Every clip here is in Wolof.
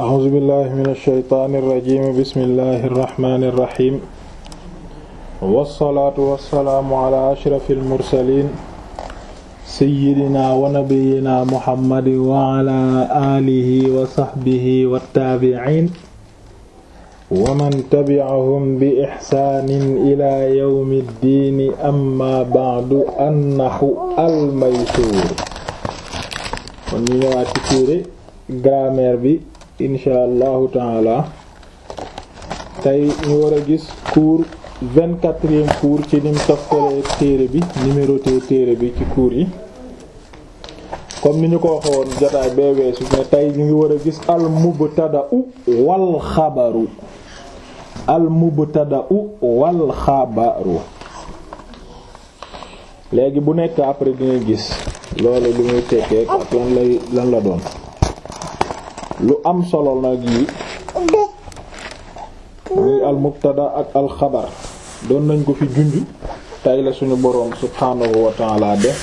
أعوذ بالله من الشيطان الرجيم بسم الله الرحمن الرحيم والصلاة والسلام على أشرف المرسلين سيدنا ونبينا محمد وعلى آله وصحبه والتابعين ومن تبعهم بإحسان إلى يوم الدين أما بعد النحو الميسور kon ñu ñëwaat ci téere grammaire bi insha allahu taala tey ñu war a gis cours vingt-quatrième cours ci nim toftalee téere bi numéroté téere bi ci cours yi comme ni ñu ko waxoon jotaay bee weesu mais tey ñu ngi war a gis al mubtada'u wal xabaru al mubtada'u wal léegi bu nekk après dina gis loolu lu muy tekkee lan la doon lu am solo nag yi muy al ak al doon nañ ko fi junj tey la suñu boroom subhaanahu wa ta'ala def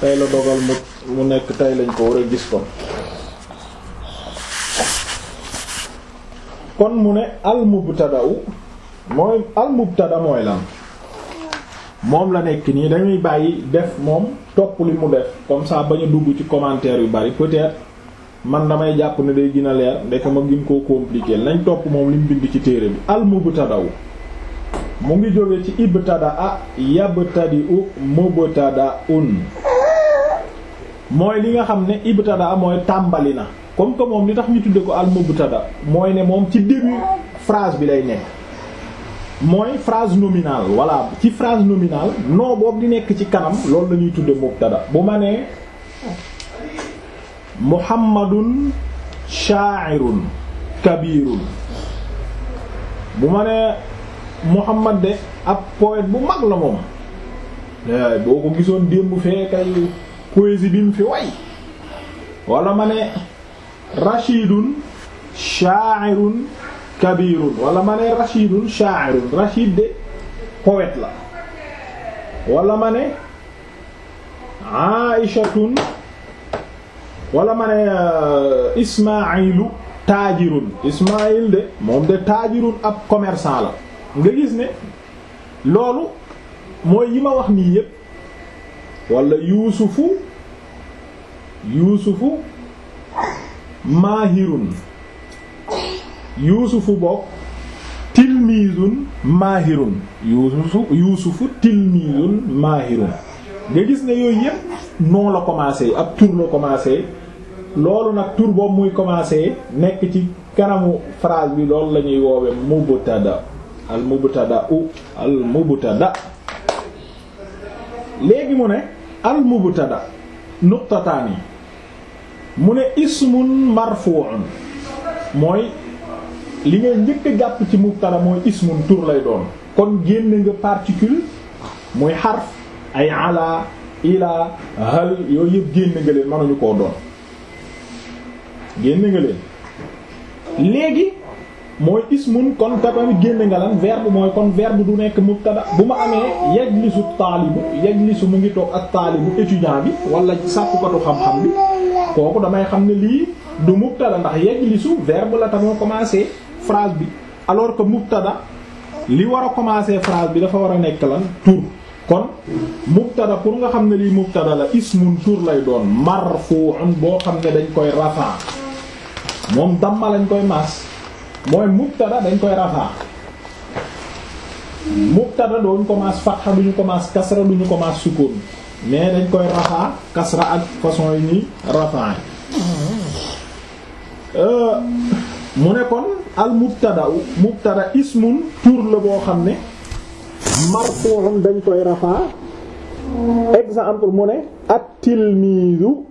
tey la dogal mu nekk tey lañ ko war a gis kon kon mu ne al mubtada mooy al mooy lan moom la nekk nii dañuy bàyyi def moom topp li mu def comme ça bañ a dugg ci commentaire yu bari peut man damay jàpp ne day gën a leer ndeke ma gën koo compliqué nañ topp moom li mu bind ci téere bi almubtadaw mu ngi jóge ci ibtada a yabtadi u mubtada un mooy li nga xam ne ibtada mooy tàmbali na comme que moom li tax ñu tudde ko almubtada mooy ne moom ci début frase bi lay nekk mooy frase nominale voilà ci frase nominale noo boobu di nekk ci kanam loolu dañuy tudde mubtada bu ma nee muhammadun sha'irun kabirun bu ma nee muhammad de ab poète bu mag la moom waaye eh, boo ko gisoon démb fee kay poésie bi mu fi way wala ma ne rashidun sha'irun kabirun wala ma ne rashidun sha'irun rashid de poète la wala ma ne aishatun wala ma ne euh, Ismaayilu taajirun Ismaayil de moom de taajirun ab commerçant la nga gis ne loolu mooy yi ma wax nii yépp wala yuusufu yuusufu maahirun yuusufu bokk tilmiizun maahirun yuusufu yuusufu tilmiizun maahirun nga gis ne yooyu yépp noo la commencé ab tur la commencé loolu nag tur boobu muy commencer nekk ci kanamu phrase bi loolu la ñuy woowe mubtada al mubtada u al léegi mu ne al mubtada nuqtataani mu ne ismun marfu'un mooy li ngay njëkk a jàpp ci mubtada mooy ismun tur lay doon kon génn nga particule muy xarf ay ala ila hal yooyu yëpp génn nga leen mënuñu koo doon génn nga leen léegi mooy ismun kon te tamit génn nga lan verbe mooy kon verbe du nekk mubtada bu ma amee yajlisu taalibu yajlisu mu ngi toog ak taalibu étudiant bi wala sàkkukatu xam-xam bi kooku damay xam ne lii du mubtada ndax yajlisu verbe la tamoo commencer phrase bi alors que mubtada li war a commencer phrase bi dafa war a nekk lan tur kon mubtada pour nga xam ne lii mubtada la mun tur lay doon am boo xam ne dañ koy rafa moom damma lañ koy maas mooy mubtada dañ koy rafaa mubtada dooñu ko maas fatha duñu ko maas duñu ko maas mais dañ koy rafaa kasra ak façon yi ni rafaa euh, mu ne kon al mubtada mubtada ismun tur la boo xam ne marfu'un dañ koy rafaa exemple mu ne at tilmiizu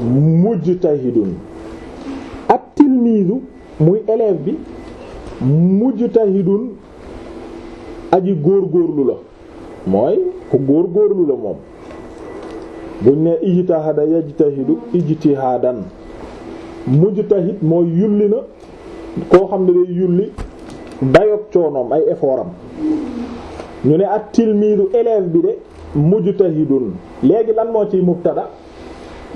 mujtahidun at tilmiidu muy élève bi mujtahidun aji góorgóorlu la mooy ku góor góorgóorlu la moom buñ ne ijtihada yajtahidu ijtihadan mujtahid mooy yulli na koo xam ne day yulli dayob coonoom ay effort ñu ne at tilmiidu élève bi de mujtahidun léegi lan moo ci ciy mubtada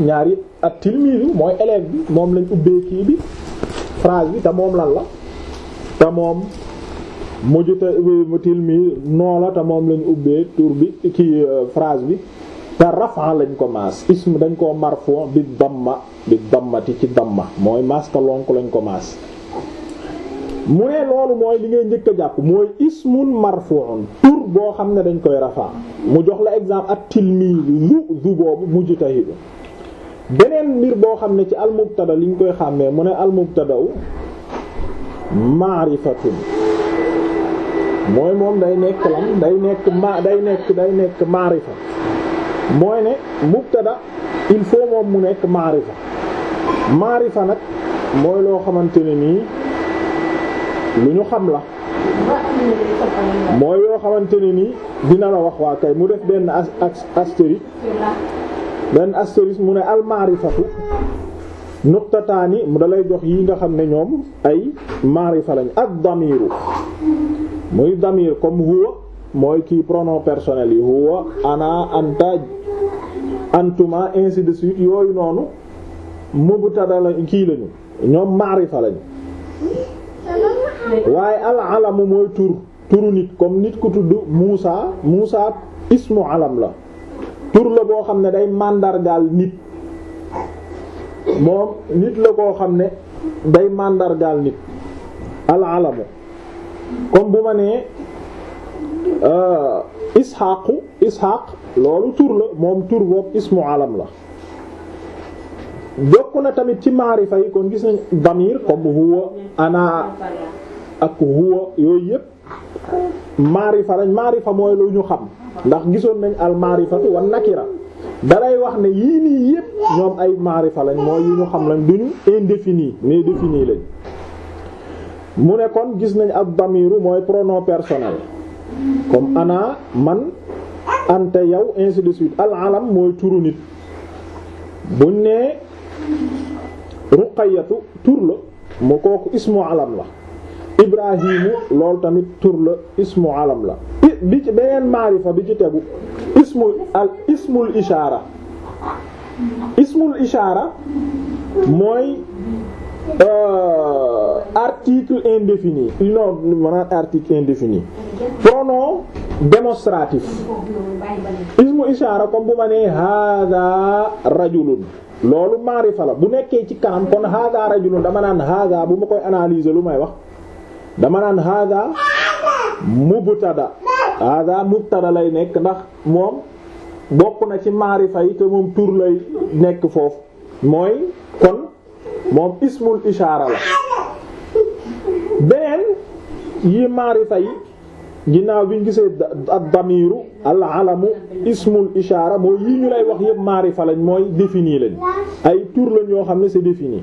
ñaari yëpp ak tilmiisu mooy élève bi moom lañ ubbee kii bi phrase bi te moom lan la te moom mujj te euh, tilmiis noo te moom lañ ubbee tur bi ki euh, phrase bi te rafa lañ ko maas ism dañ koo marfu bi damma bi dammati ci damma mooy maas ka lañ ko maas mu ne loolu mooy li ngay njëkk a jàpp mooy ismun marfu'un tur boo xam ne dañ koy rafa mu jox la exemple at tilmiisu zu boobu mujj tahidun beneen mbir boo xam ne ci almubtada li koy xàmmee mu ne almubtadaw maarifatun mooy moom day nekk lan day nekk day nekk day nekk maarifa mooy ne mubtada il faut moom mu nekk maarifa maarifa nag mooy loo xamante ne nii lu ñu xam la mooy yoo xamante ne nii dina la wax waa kay mu def benn as as astérisque benn astérisque mu ne almaarifatu nuqtataani mu dalay jox yi nga xam ne ñoom ay maarifa ak damiru muy damir comme huwa mooy kii pronom personnel yi huwa ana anta antuma ainsi de suite yooyu noonu mubtada la kii lañu ñoom maarifa waaye al alamu mooy turu nit comme nit ku tudd Muusa Muusa ismu alam la tur boo xam ne day màndargaal nit moom nit la koo xam ne day màndargaal nit alalamu comme bu ma nee euh, isxaaqu isxaaq loolu tur moom tur boobu ismu alam la jokk na tamit ci maarifa yi kon gis nañ damir comme huwa ana ak huwa yooyu yëpp maarifa lañ maarifa mooy lu ñu xam ndax gisoon nañ al maarifatu wan nakira dalay wax ne yii nii yépp ñoom ay maarifa lañ mooy yu ñu xam lañ duñu indéfini mais défini lañ mu ne kon gis nañ ab damiru mooy pronom personnel comme ana man anta yow ainsi de suite al alam mooy turu nit buñ ne ruqayatu tur la mu kooku ismu alam la ibrahimu loolu tamit tur la ismu alam la bi beneen maarifa bi ci tegu ismu al ismul ishaara ismul ishaara mooy euh, article indéfini non maanaam article indéfini pronom démonstratif ismu ishaara comme bu ma nee hada rajulun loolu maarifa la bu nekkee ci kanam kon hada rajulun dama naan hada bu ma koy analyser lu may wax dama naan hada mubtada hada mubtada lay nekk ndax moom bokk na ci maarifa yi te moom tur lay nekk foofu mooy kon moom ismul ishaara la beneen yi maarifa yi ginnaaw bi ñu gisee ad damiru al alamu ismul ishaara mooy yi ñu lay wax yëpp maarifa lañ mooy défini lañ ay tur lañ yoo xam ne c'est défini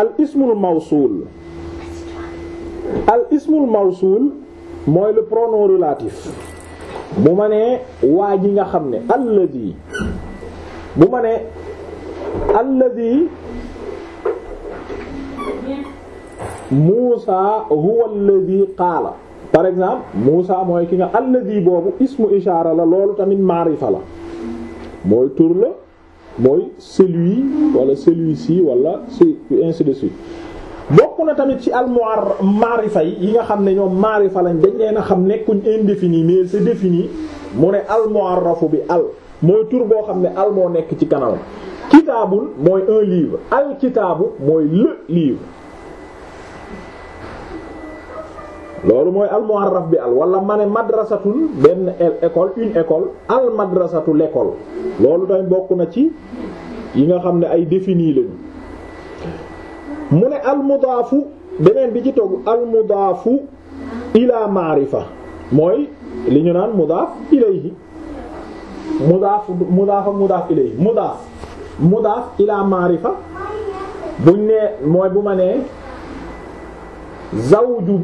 al ismul mawsul al ismul mawsul mooy le pronom relatif bu ma nee waa ji nga xam ne alladi bu ma nee alladi Muusa huwa alladi qaala par exemple Muusa mooy ki nga alladi boobu ismu ishaara la loolu tamit maarifa la mooy tur la mooy celui wala celui-ci wala ci ainsi de suite bokk na tamit ci al maarifa yi yi nga xam ne ñoom maarifa lañ dañ leen a xam nekkuñ indéfini mais c'est défini mu ne al mu'arrafu bi al mooy tur boo xam ne al moo nekk ci kanam kitaabul mooy un livre al kitaabu mooy le livre loolu mooy al mu'arraf bi al wala ma ne madrasatul benn école une école al madrasatu l'école loolu tamit bokk na ci yi nga xam ne ay défini lañu mu ne almudaafu beneen bi ci togg almudaafu ila maarifa mooy li ñu naan mudaaf ilayhi mudaaf mudaaf ak mudaaf ilayhi mudaaf mudaaf ila maarifa buñ nee mooy bu ma nee zawju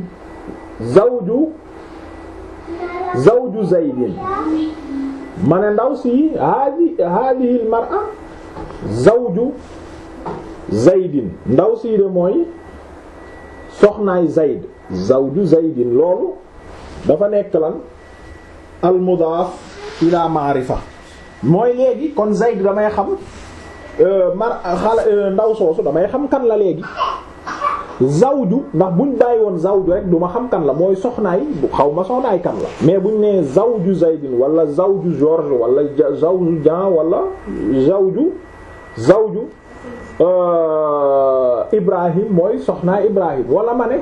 zawju zawju zaydin ma ne ndaw si haadi haadihi al mar'a zawju zaydin ndaw sii de mooy soxnaay zayd zawju zaydin loolu dafa nekk lan al mudaaf ila maarifa mooy léegi kon zayd damay xam euh, mar xala euh, ndaw soosu damay xam kan la léegi zawju ndax buñ bàyyi woon zawju rek du ma xam kan la mooy soxnaay xaw ma soxnaay kan la mais buñ nee zawju zaydin wala zawju george wala zawju jean wala zawju zawju Euh, Ibrahim mooy soxnaa Ibrahim wala ma ne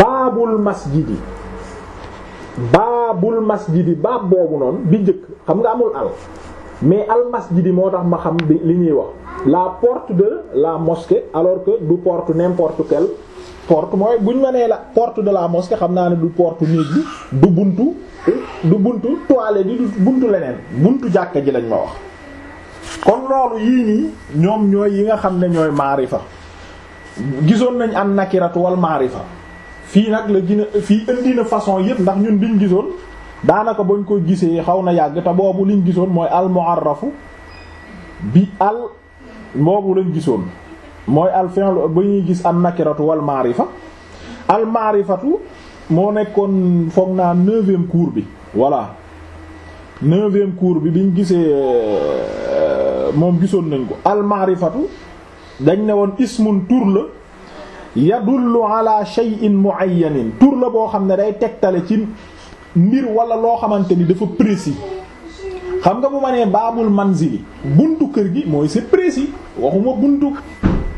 baabul masjidi baabul masjidi baab boobu noonu bi njëkk xam nga amul al mais al masjidi moo tax ma xam li ñuy wax la porte de la mosquée alors que du porte n'importe quelle porte mooy bu ñu nee la porte de la mosquée xam naa ne du porte néeg bi du buntu du buntu toilette bi du buntu leneen buntu jàkka ji lañ ma wax. kon loolu yii nii ñoom ñooy yi nga xam ne ñooy maarifa gisoon nañ an nakiratu wal maarifa fii nag la gina fii indi na façon yépp ndax ñun biñ gisoon daanaka bañ koy gisee xaw na yàgg te boobu liñ gisoon mooy al mu'arrafu bi al boobu lañ gisoon mooy al fi'lu ba ñuy gis an nakiratu wal fa al maarifatu moo nekkoon foog naa neuvième cours bi voilà neuvième cours bi biñ gisee euh, moom gisoon nañ ko almaarifatu dañ ne woon ismun tur la yadullu ala shay'in mu'ayyanin tur la boo xam ne day tegtale ci mbir wala loo xamante ni dafa yi xam nga bu ma nee baabul manzili buntu kër gi mooy c'est yi waxuma buntu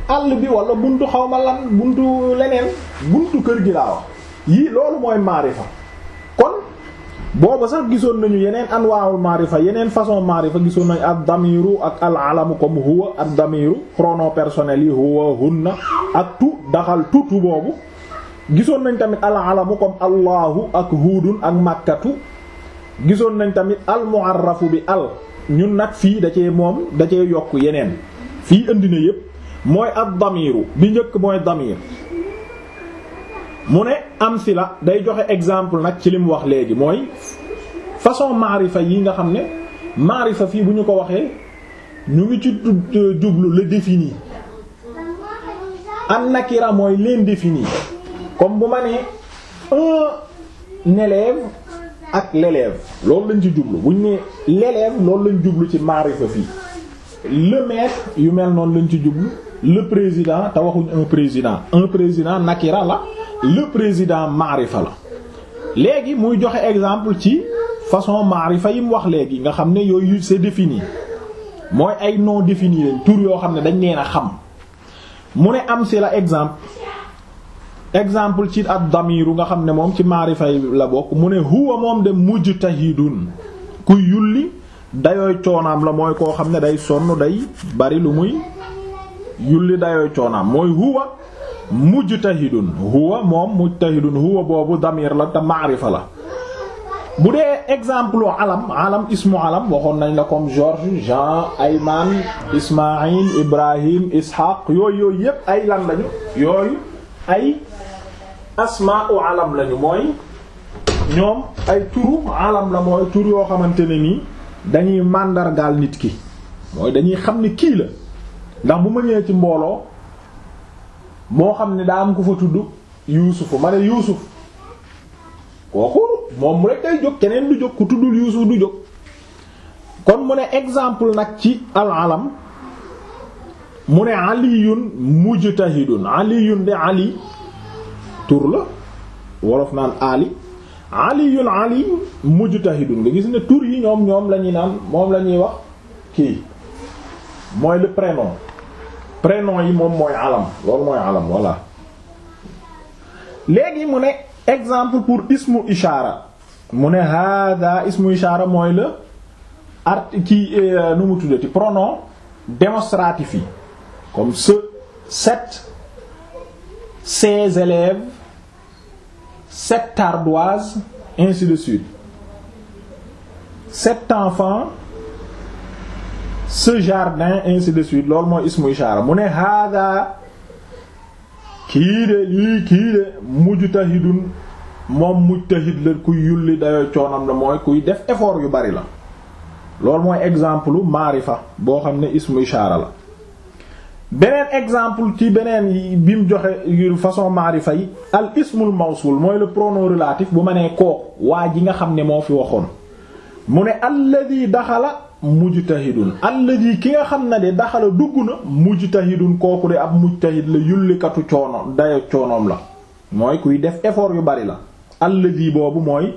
àll bi wala buntu xawma lan buntu leneen buntu kër gi laa wax yii loolu mooy maarifa booba sax gisoon nañu yeneen anwaawul maarifa yeneen façon maarifa gisoon nañu ad damiru ak al alamu comme huwa ad damiru pronom personnel yi huwa hunna ak tu daxal tutu boobu gisoon nañ tamit al alamu comme allahu ak huudun ak màkkatu gisoon nañ tamit al mu'arrafu bi al ñun nag fii da cee moom da cee yokk yeneen fii indi na yépp mooy ad damiru bi njëkk mooy damir mu ne am la day joxe exemple nag ci li wax léegi mooy façon maarifa yi nga xam ne maari fa fii bu ñu ko waxee ñu ngi ci jublu le défini an nakira mooy l'indéfini comme bu ma nee un élève ak l'élève loolu lañ ci jublu bu ñu nee l'élève loolu lañ jublu ci maarifa fii le maître yu mel noonu lañ ci jublu le président te waxuñ un président un président nakira la le président maarifa la léegi muy joxe exemple ci façon maarifa yi mu wax léegi nga xam ne yooyu c'est défini mooy ay non défini lañ tur yoo xam ne dañ leen a xam mu ne am si la exemple exemple ci ad damiru nga xam ne moom ci maarifa la bokk mu ne huwa moom de mujtahidun ku yulli dayooy coonaam la mooy koo xam ne day sonn day bari lu muy yulli dayooy coonaam mooy huwa mujtahidun huwa moom mujtahidun huwa boobu damir la te maarifa la bu dee exemple alam alam ismu alam waxoon nañ la comme Georges Jean Ayman Ismaïl Ibrahim Ishaq yooyu yooyu yépp ay lan lañu yooyu ay asmaa alam lañu mooy ñoom ay turu alam la mooy tur yoo xamante ne nii dañuy màndargaal nit ki mooy dañuy xam ni kii la ndax bu ma ñëwee ci mbooloo moo xam ne daa am ku fa tudd yuusufu ma ne yuusuf kooku moom mu rek day jóg keneen du jóg ku tuddul yuusuf du jóg kon mu ne exemple nag ci alam mu ne aliyun mujtahidun aliyun de ali tur la wolof naan ali aliyun ali mujtahidun nga gis ne tur yi ñoom ñoom lañuy naan moom la ñuy wax kii mooy le prénom prénom yi moom mooy alam loolu mooy alam voilà léegi mu ne exemple pour ismu ishara mu ne hada ismu ishara mooy la art ci euh, nu mu tuddati pronom démonstratif yi comme ce cette ces élèves cette ardoise ainsi de suite cet enfant ce jardin ainsi de suite loolu mooy ismu ishaara mu ne hada kii de lii kii de mujtahidun moom mujtahid la kuy yulli dayoo coonam la mooy kuy def effort yu bari la loolu mooy exemple maarifa boo xam ne ismu ishaara la beneen exemple ci beneen bi mu joxe façon maarifa yi al ismul mawsul mooy le pronom relatif bu ma nee kooku waa ji nga xam ne moo fi waxoon mu ne alladi daxala mujtahidun alladi ki nga xam ne de daxala dugg na mujtahidun kooku de ab mujtahid la yullikatu coono dayo coonoom la mooy kuy def effort yu bari la alladi boobu mooy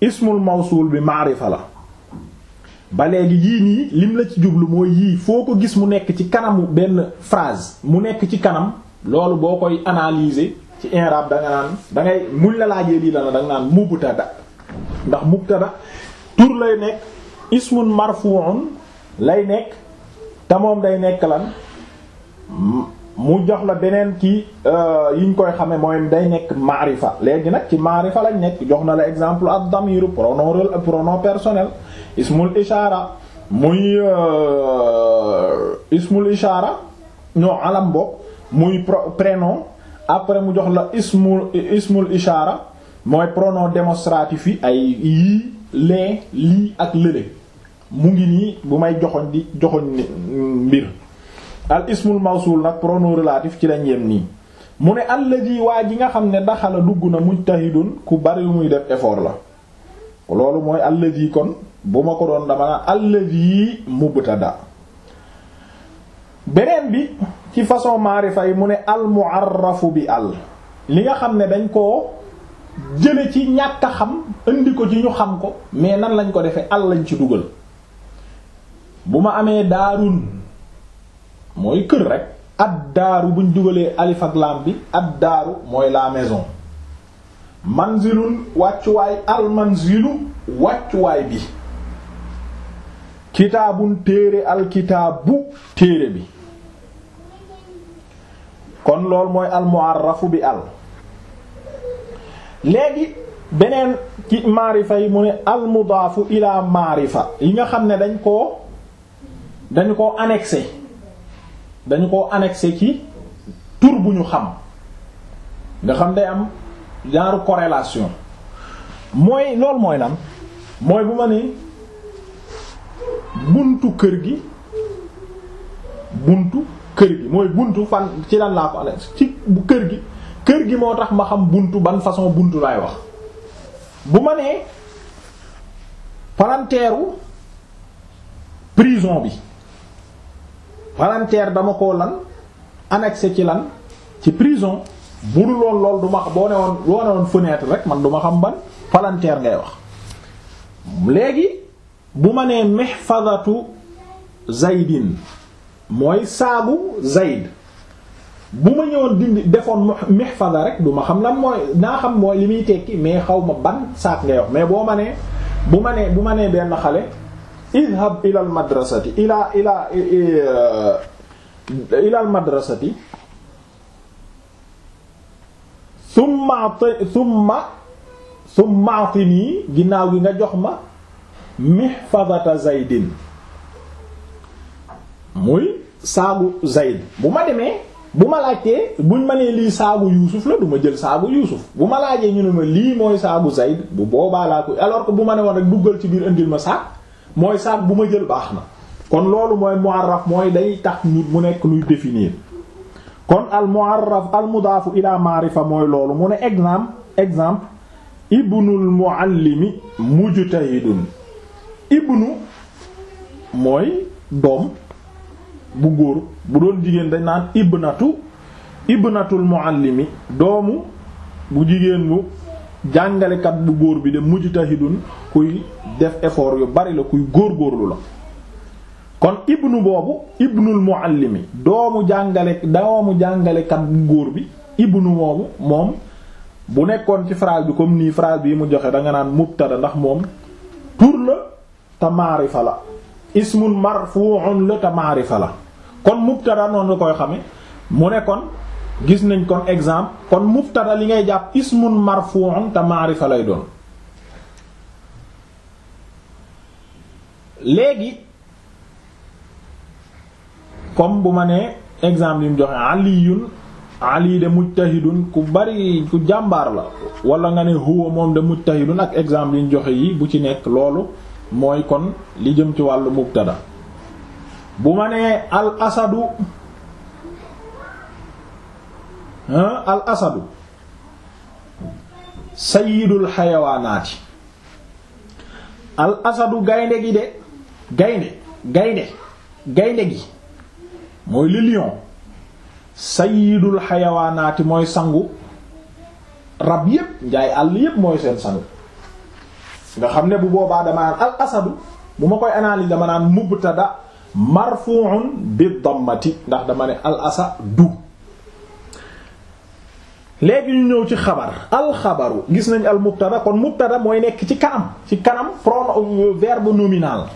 ismul mawsul bi maarifa la ba léegi yii nii lim la ci jublu mooy yii foo ko gis mu nekk ci kanamu benn frase mu nekk ci kanam loolu boo koy analyser ci i'rab da nga naan da ngay muñ la laajee lii la na da nga naan mubtada ndax mubtada tur lay nekk ismun marfu'un lay nekk te moom day nekk lan mu jox la beneen ki yi euh, yiñ koy xame mooy day nekk maarifa léegi nag ci maarifa lañ nekk jox na la exemple ad-damir pronom pronom personnel ismul ishara muy euh, ismul ishara ñoo alam bopp muy prénom après mu jox la ismul ismul ishara mooy pronom démonstratif yi ay yii lee lii ak lële mu ngi nii bu may joxoñ di joxoñ mm, mbir al ismul mawsul nag pronom relatif ci lañ yem nii mu ne allaji waa ji nga xam ne daxala dugg na mujtahidun ku bari lu muy def effort la loolu mooy allaji kon bu ma ko doon dama naa allaji mubtada beneen bi ci façon maarifa yi mu ne al bi àll li nga xam ne dañ koo jële ci ñàkk xam indi ko ci ñu xam ko mais nan lañ ko defee àll lañ ci dugal bu ma amee daarun mooy kër rek ad daaru buñ dugalee alif ak bi ad daaru mooy la maison manzilun wàccuwaay al manzilu wàccuwaay bi kitaabun téere al kitaabu téere bi kon loolu mooy al bi al léegi beneen ci maarifa yi mu ne al mudaafu maarifa yi nga xam ne dañ ko dañu ko annexé dañu koo annexé ci tur bu ñu xam nga xam day am genre corrélation mooy loolu mooy lan mooy bu ma ni buntu kër gi buntu kër gi mooy buntu fan ci lan laa ko annexé ci bu kër gi kër gi moo tax ma xam buntu ban façon buntu laay wax bu ma nee palanteeru prison bi palanteer dama koo lan annexé ci lan ci prison bu dul woon lool du ma boo ne woon boo ne woon fenêtre rek man duma xam ban palanteer ngay wax léegi bu ma nee mihfazatu zaydin mooy saabu zayd bu ma ñëwoon dindi defoon mihfaza rek du ma xam lan mooy naa xam mooy li muy tekki mais xaw ma ban saak ngay wax mais boo ma nee bu ma nee bu ma nee benn xale idhab ila al madrasati ila ila uh, ila al madrasati summa summa summa atini ginnaaw gi nga jox ma mihfazata zaydin muy saagu zayd bu ma demee bu ma laajtee buñ ma nee lii saagu yuusuf la du ma jël saagu yuusuf bu ma laajee ñu ne ma lii mooy saagu zayd bu boobaa laa ko alors que bu ma ne woon rek duggal ci biir indil ma saag mooy saak bu ma jël baax na kon loolu mooy mu'arraf mooy day tax nit mu nekk luy définir kon al mu'arraf al mudaafu ila maarifa mooy loolu mu ne exemple exemple ibnul muallimi mujtahidun ibnu mooy doom bu góor bu doon jigéen dañ naan ibnatu ibnatul muallimi doomu bu jigéen bu jàngalekat bu góor bi de mujtahidun kuy def effort yu bari la kuy góor góorlu la kon ibnu boobu ibnul muallimi doomu jàngale doomu jàngalekat bu góor bi ibnu boobu moom bu nekkoon ci phrase bi comme nii phrase bi mu joxe danga naan mubtada ndax moom tur la te la ismun marfu'un la te maarifa la kon mubtada noonu koy xame mu ne gis nañ kon exemple kon mubtada li ngay jàpp ismun marfu'un te maarifa lay doon léegi comme bu ma nee exemple yi joxe aliyun ali de mujtahidun jàmbaar la wala nga moom de mujtahidun ak exemple yi joxe yi bu ci nekk loolu mooy kon li jëm ci wàllu mubtada bu ma nee al asadu al asadu sayyidul xayawaanaati al asadu gaynde gi de gaynde gaynde gaynde gi mooy le lion sayyidul xayawaanaati mooy sangu rab yépp njaay àll yépp mooy seen sangu nga xam ne bu boobaa dama naan al asadu bu ma koy analyse dama naan mubtada marfu'un bi dammati ndax dama ne al asadu léegi ñu ñëw ci xabar alxabaru gis nañ al mubtada kon mubtada mooy nekk ci kanam ci kanam pronom euh, verbe nominal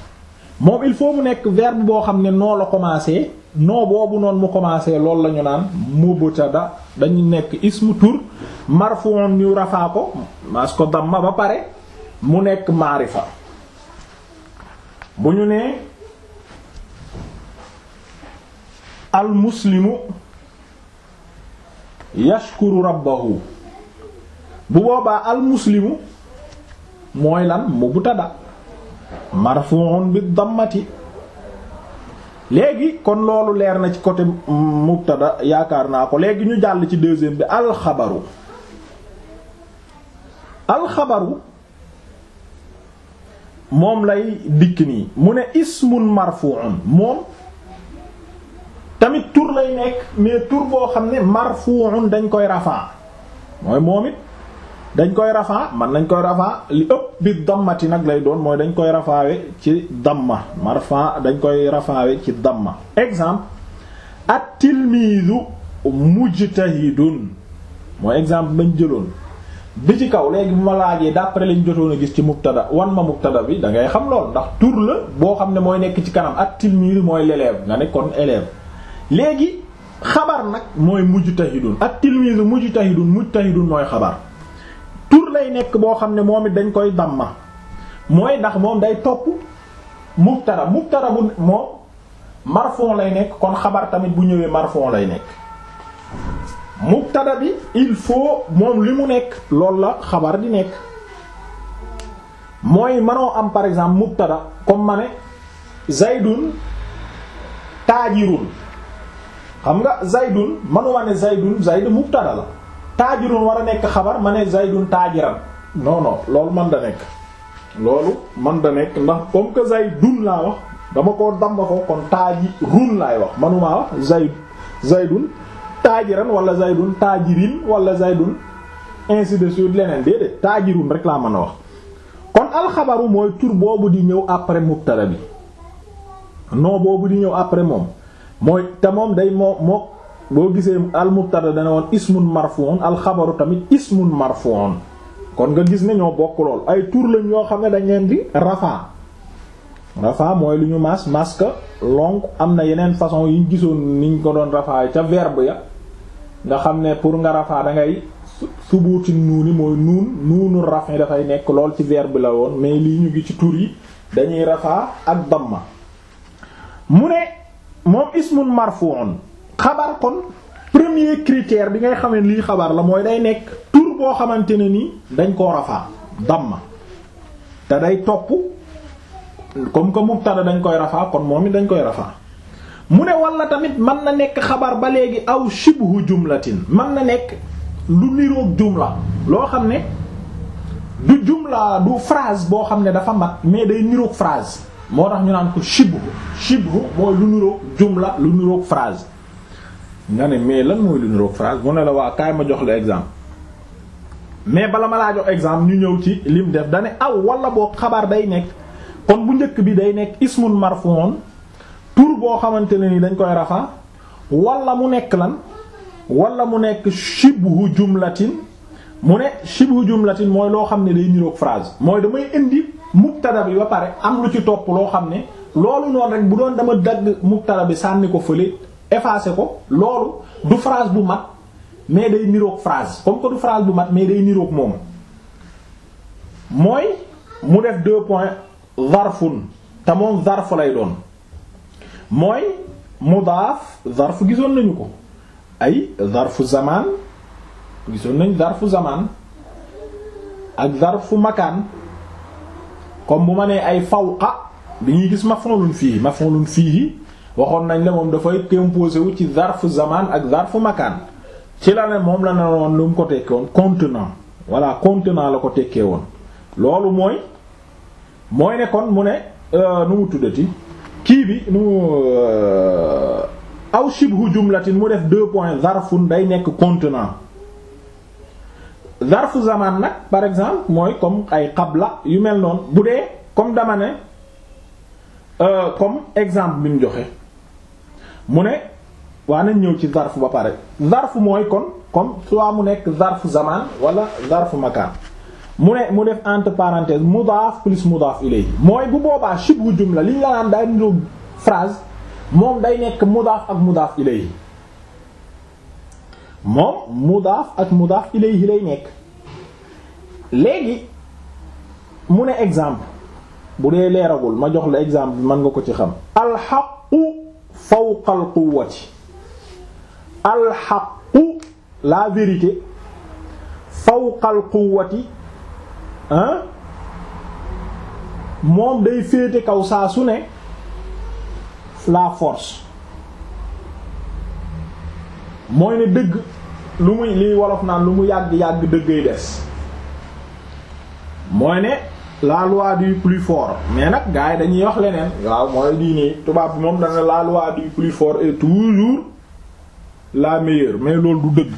moom il faut mu nekk verbe boo xam ne noo la commencé no boobu noonu mu commencé loolu la ñu naan mubtada dañu nekk ismu tur marfuun ñu rafaa ko mas ko damma ba pare mu nekk maarifa bu ñu nee al muslimu yashkuru rabbahu bu boobaa almuslimu mooy lan mu butada marfu'un bi dammati léegi kon loolu leer na ci côté mubtada yaakaar naa ko léegi ñu jàll ci deuxième bi alxabaru alxabaru moom lay dikk nii mu ne ismun marfu'un moom tamit tur lay nekk mais tur boo xam ne marfu'un dañ koy rafaa mooy moom dañ koy rafaa man nañ koy rafaa li ëpp bi dammati nag lay doon mooy dañ koy rafaawe ci damma marfa dañ koy rafaawe ci damma exemple at-tilmiizu mujtahidun mooy exemple bañ jëloon bi ci kaw léegi bu ma laajee d'après lañ jotoon a gis ci mubtada wan ma mubtada bi da ngay xam lool ndax tur la boo xam ne mooy nekk ci kanam at-tilmiizu mooy l'élève nga nekkoon kon léegi xabar nag mooy mujtahidun ak tilmizu mujtahidun mujtahidun mooy xabar tur lay nekk boo xam ne moom it dañ koy damma mooy ndax moom day topp mubtara mubtara bu moom marfon lay nekk kon xabar tamit bu ñëwee marfon lay nekk mubtada bi il faut moom li mu nekk loolu la xabar di nekk mooy mënoo am par exemple mubtada comme ma ne zaydun taajirun xam nga zaydun manuma ne zaydun zayd mubtada la taajirun war a nekk xabar ma ne zaydun taajiran non non loolu man da nekk loolu man da nekk ndax comme que zaydun laa wax dama ko damm ko kon taajirun laay wax manumaa wax zayd zaydun taajiran wala zaydun taajirin wala zaydun ainsi de suite leneen déedéet taajirun rek laa mën a wax kon alxabaru mooy tur boobu di ñëw après mubtada bi non boobu di ñëw après moom mooy te moom day moo moo boo gisee al mubtada dana woon ismun marfuun al xabaru tamit ismun marfuun kon nga gis ne ñoo bokk lool ay tur lañ yoo xam ne dañ leen di rafa rafa mooy lu ñu mas masque lonk am na yeneen façon yi ñu gisoon niñ ko doon rafa ca verbe ya nga xam ne pour nga rafa da ngay subuuti nuuni mooy nuun nuunu raf yi dafay nekk lool ci verbe la woon mais lii ñu ngi ci tur yi dañuy rafa ak damma mu ne moom ismun marfu'un xabar kon premier critère bi ngay xam ne lii xabar la mooy day nekk tur boo xamante ne ni dañ koo rafaa damma te day topp comme que mubtada dañ koy rafaa kon moom it dañ koy rafaa mu ne wala tamit mën na nekk xabar ba léegi aw shibhu jumlatin man na nekk lu niroog jumla loo xam ne du jumla du phrase boo xam ne dafa mat mais day niroog phrase moo tax ñu naan ko shibhu shibhu mooy lu niroog jumla lu niroog frase nga ne mais lan mooy lu niroog phrase mu ne la waa kaay ma jox la exemple mais bala ma laa jox exemple ñu ñëw ci lim def dane aw wala boo xabaar day nekk kon bu njëkk bi day nekk ismun marfuun tur boo xamante ne ni dañ koy rafa wala mu nekk lan wala mu nekk shibhu jumlatin mu ne shibu jumlatin mooy loo xam ne day niroog phrase mooy damay indi mubtada bi ba pare am lu ci topp loo xam ne loolu noonu rek bu doon dama dagg mubtada bi sànni ko fële effacé ko loolu du phrase bu mat mais day niroog phrase comme que du phrase bu mat mais day niroog moom mooy mu def deux points zarfun te moom zarf lay doon mooy mudaaf zarf gisoon nañu ko ay zarfu zamaan gisoon nañ zarfu zamaan ak zarfu makaan comme bu ma nee ay fawqa dañuy gis ma maf'ulun fihi maf'ulun fihi waxoon nañ la moom dafay composé wu ci zarfu zamaan ak fu makaan ci la ne moom la ne woon lu mu ko tekkee woon contenant voilà contenant la ko tekkee woon loolu mooy mooy ne mu ne euh, nu mu tuddati kii bi nu euh, aw shibhu jumlatin mu def deux points zarfun day nekk contenant zarfu zaman nag par exemple mooy comme ay la yu mel noonu bu dee comme dama ne euh, comme exemple bi mu joxe mu ne waa nañ ñëw ci zarf ba pare zarf mooy kon comme soit mu nekk zarfu zaman wala zarfu makaan mu ne mu def entre mu mudaaf plus mudaaf ilayhi mooy bu boobaa shibhu jumla li ñu la naan day niroog phrase moom day nekk mudaaf ak mudaaf ilayhi moom mudaaf ak mudaaf ilayhi lay nekk léegi mu ne exemple bu dee leeragul ma jox la exemple bi mën nga ko ci xam alxaqu fawqa al quwwati alxaqu la vérité fawqa al quwwati hein moom day féete kaw saa su ne la force mooy ne dëgg lu muy liy wolof naan lu mu yàgg-yàgg dëggay des mooy ne la loi du plus fort mais nag gars yi dañuy wax leneen waaw mooy diine tubaab bi moom dana la loi du plus fort est toujours la meilleure mais loolu du dëgg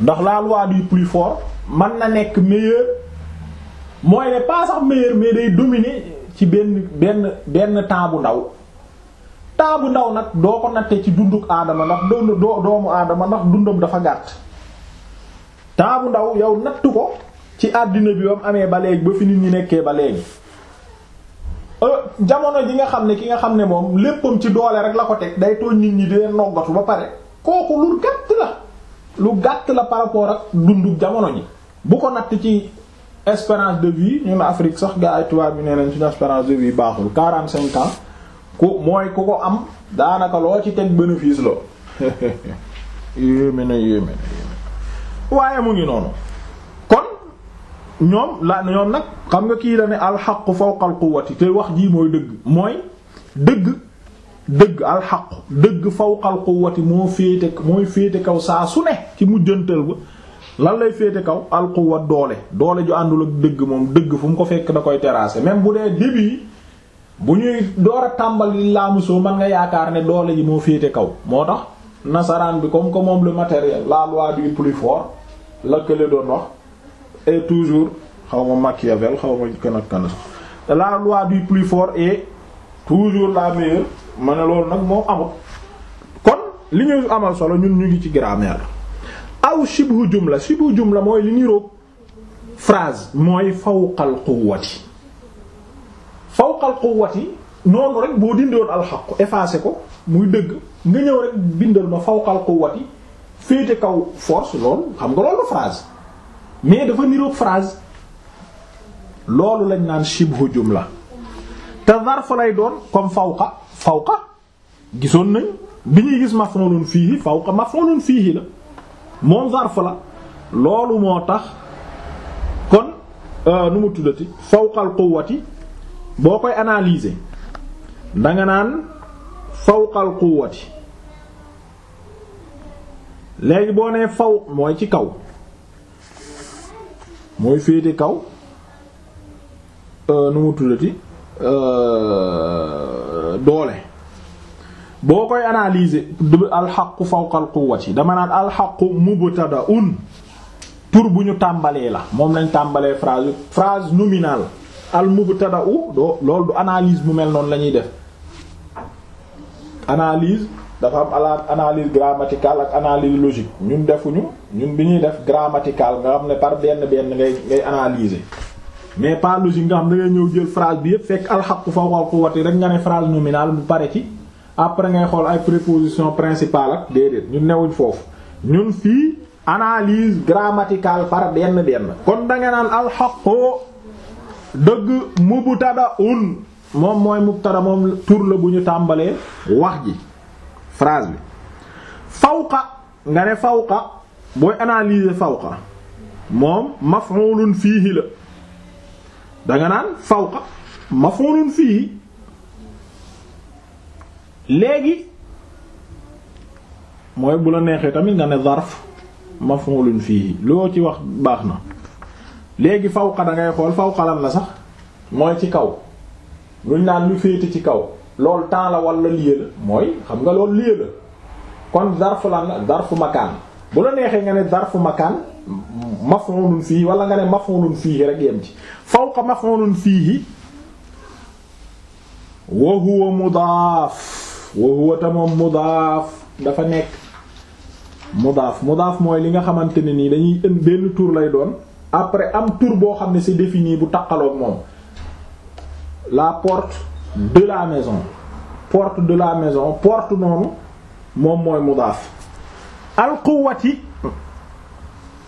ndax la loi plus fort mën na nekk meilleure mooy ne pas sax meilleure day dominer ci benn benn benn temps bu ndaw temps bu ndaw nag doo ko nattee ci dunduk aadama ndax doo doomu aadama ndax dundam dafa gàtt temps bu ndaw yow natt ko ci àddina bi ba amee ba léegi ba fi nit ñi nekkee ba léegi euh, jamono ji nga xam ne ki nga xam ne moom léppam ci doole rek la ko teg day tooñ nit ñi di leen noggatu ba pare kooku lu gàtt la lu gàtt la par rapport ak dunduk jamono ji bu ko natt ci espérance de vie ñun Afrique sax gaa ay tubaab bi nee nañ suñu espérance de vie baaxul quarante-cinq ans ku mooy ku ko am daanaka loo ci teg bénéfice loo yéeme na yéeme na yéeme waaye mu ngi noonu kon ñoom la ñoom nag xam nga kii la ne alxaqu fawqa alquwati te wax jii mooy dëgg mooy dëgg dëgg alxaqu dëgg fawqa alquwati moo féete mooy féete kaw saa su ne ci mujjantal ba lan lay féete kaw alquwa doole doole ju àndul ak dëgg moom dëgg fu mu ko fekk na koy terrasser même bu dee début bu ñuy door tàmbali tàmbali laamusoo man nga yaakaar ne doole yi moo féete kaw moo tax nasaraan bi comme que moom le matériel la loi du plus fort la kële doon wax et toujours xaw ma Machiavel xaw ma kan ak kan la loi du plus fort est toujours la meilleure ma ne loolu nag moo amut kon li ñuy amal solo ñun ñu ngi ci grammaire aw shibhu jumla shibhu la mooy li niroog phrase mooy fawqal quwwati fawqal quwwati noonu rek boo dindoon woon alxaq ko muy dëgg nga ñëw rek bindal ma fawqal quwwati féete kaw force loolu xam nga loolu phrase mais dafa niroog phrase loolu lañ naan shibhu jumla te zarf lay doon comme fawqa fawqa gisoon nañ bi ñuy gis maf'ulun fii fawqa maf'ulun fii la moom zarf la loolu moo tax kon euh, nu mu tuddati fawqal quwwati boo koy analyser danga naan fawqal quwwati léegi boo nee faw mooy ci kaw mooy féete kaw euh, nu mu tuddati euh, doole boo koy analyser alxaqu fawqal quwwati dama naan alxaqu mubtada'un tur bu ñu tàmbalee la moom lañ tàmbalee phrase phrase nominale al mubtada u doo loolu du analyse bu mel noonu lañuy ñuy def analyse dafa am ala analyse grammaticale ak analyse logique ñun defuñu ñun bi ñuy def grammaticale nga xam ne par benn benn ngay ngay mais pas logique nga xam ñëw jël phrase bi yëpp fekk alxaqu fawqa quwwati rek nga ne phrase nominale bu pare ci après ngay xool ay préposition principal ak déedéet ñun newuñ foofu ñun fii analyse grammaticale par benn benn kon da alxaqu dëgg mubtada un moom mooy mubtada moom tur la bu ñu tàmbalee wax ji phrase bi fawqa nga ne fawqa booy analyser fawqa moom maf'ulun fiihi la danga naan fawqa maf'ulun fiihi léegi mooy bu la neexee tamit nga ne zarf fii fiihi loo ci wax baax na léegi fawqa da ngay xool fawqa lan la sax mooy ci kaw luñ naan lu féete ci kaw loolu temps la wala lieu la mooy xam nga lool lieu la kon zarfu lan la makaan bu la neexee nga ne zarfu makaan maf'ulun fii wala nga ne maf'ulun fii rek yem ci fawqa maf'ulun fii wa huwa mudaaf wa huwa tamam dafa nekk mudaaf mudaaf mooy li nga xamante ne nii dañuy benn tuur lay doon. après am tur boo xam ne c'est défini bu taqaloog moom la porte de la maison porte de la maison porte noonu moom mooy mudaaf alquwati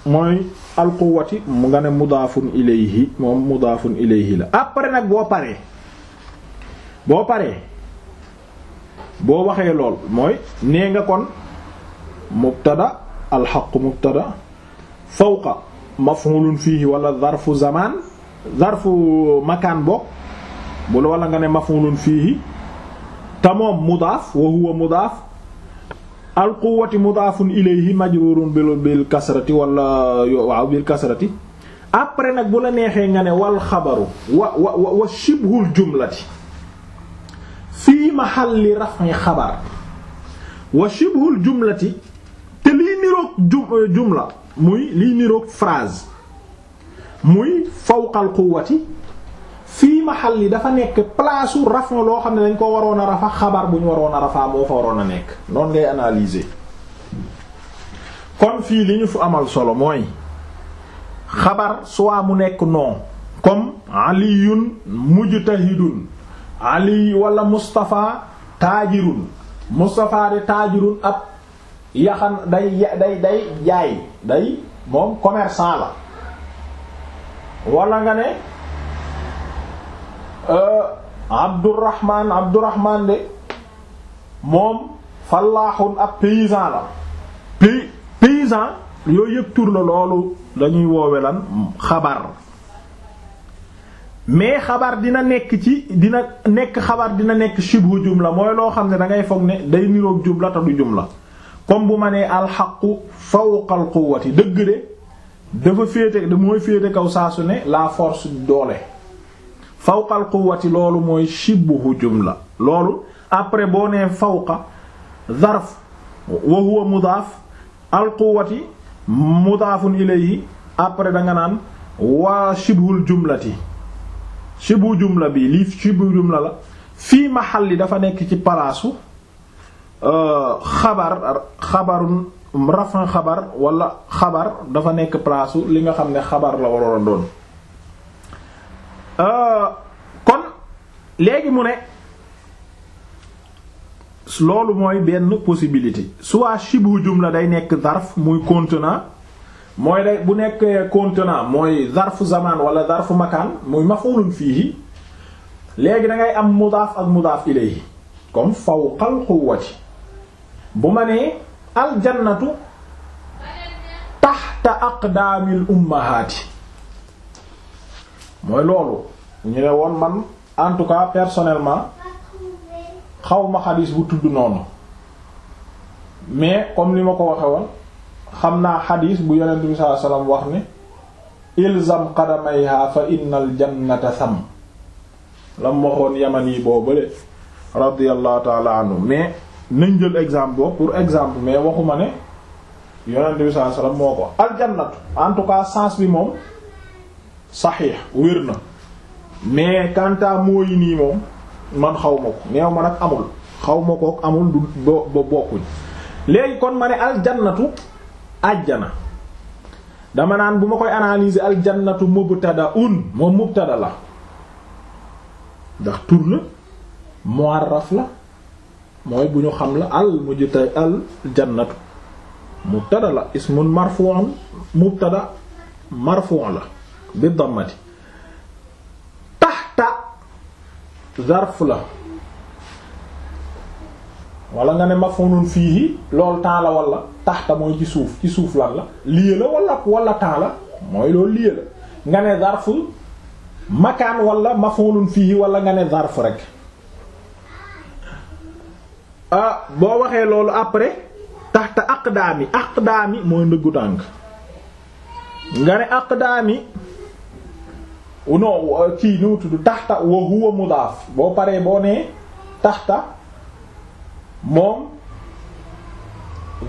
mooy alquwati mu nga ne mudaafun ilayhi moom mudaafun ilayhi la après nag boo paree boo paree boo waxee lool mooy nee nga kon mubtada alxaqu mubtada fawqa maf'ulun fihi wala zarfu zaman zarfu makaan bokk bu la wala nga ne maf'ulun fihi te moom mudaaf wa huwa mudaaf al quwwati mudaafun ilayhi majrurun bil bil kasrati wala waaw bil kasrati après nag bu la neexee nga ne wal xabaru wa wa wa shibhul jumlati fii mahalli raf'i xabar wa shibhul jumlati te lii niroog jumla muy liy niroog phrase muy fawqal quwwati fii xal yi dafa nekk place su loo xam ne dañ ko waroon a rafa xabar bu ñu waroon a rafaa moo fa waroon a nekk noonu ngay analyser kon fii li ñu fu amal solo mooy xabar soit mu nekk non kon aliyun mujtahidun ali wala Moustapha taajirun Moustapha de taajirun ab yaxan day day day jaay day moom commerçant la wala nga ne euh, Abdourahman Abdourahman de moom fallaaxun ab paysan la pay paysan yooyu yëpp tur la loolu dañuy woowe lan xabar mais xabar dina nekk ci dina nekk xabar dina nekk shibhu jumla mooy loo xam ne dangay foog ne day niroog jumla te jumla comme bu ma nee alxaqu fawqa al quwwati dëgg de dafa féete mooy féete kaw saasu ne la force doole fawqa quwwati loolu mooy shibhu jumla loolu après boo nee fawqa zarf wa huwa mudaaf al quwwati mudaafun ilayhi après da nga naan waa shibhul jumlati shibhu jumla bi lii shibhu jumla la fii ma mahalli dafa nekk ci palaasu xabar xabarun rafan xabar wala xabar dafa nekk place li nga xam ne xabar la waroon a doon euh, kon léegi mu ne loolu mooy benn possibilité soit shibhu jumla day nekk zarf muy contenant mooy day bu nekkee contenant mooy zarfu zamaan wala zarfu makaan muy maf'ulun fiihi léegi da am mudaaf ak mudaaf ilayhi comme fawqal quwwati bu ma nee aljannatu taxta aqdaamil ummahaati mooy loolu ñu ne woon man en tout cas personnellement xaw ma xadis bu tudd noonu mais comme li ma ko waxe woon xam naa xadis bu yonent bi sallallahu alayhi wasallam wax ne ilzam qadamayha fa innal jannata sam lam waxoon yaman yi boobale radiyallahu ta'ala anhu mais nañ jël exemple boobu pour exemple mais waxuma ne yonent bi sallallahu alayhi moo ko aljannatu en tout cas sens bi moom saxiix wér na mais kanta mooy nii moom man xaw ma ko neew ma nag amul xaw ma ko amul du ba bokkuñ léegi kon ma ne aljannatu ajjana dama naan bu ma koy analyser aljannatu mubtada un moom mubtada la ndax tur la mu'arraf la mooy bu ñu xam la al mujtay al jannatu mubtada la ismun marfon mubtada marfu' la bi dammati tahta zarf la wala nga ne maf'ulun fihi loolu temps la wala tahta mooy ci suuf ci suuf lan la lieu la wala wala mooy loolu lieu la nga ne zarf makaan wala maf'ulun fihi wala nga ne zarf rek ah boo waxee loolu après taxta aqdaami aqdaami mooy ndëggu tànk nga ne aqdaami non kii nu tudd taxta wa huwa boo paree boo nee taxta moom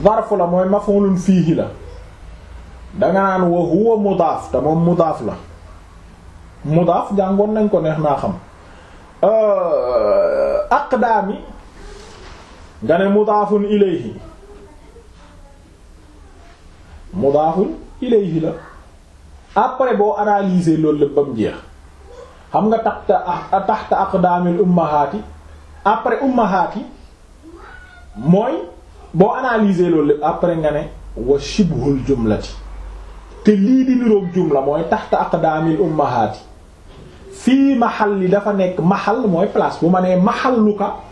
zarf la mooy maf'ulun fiihi la danga naan wa huwa te moom mudaaf la mudaaf jàngoon nañ ko neex naa xam euh, aqdaami nga ne mudaafun ilayhi mudaafun ilayhi la après boo analyser loolu lépp ba mu jeex xam nga taxta taxta aqdaamil ummahaati après ummahaati mooy boo analyser loolu lépp après nga ne wa shibhul jumlati te lii di niroog jumla mooy taxta aqdaamil ummahaati fii maxal li dafa nekk maxal mooy place bu ma nee maxalluka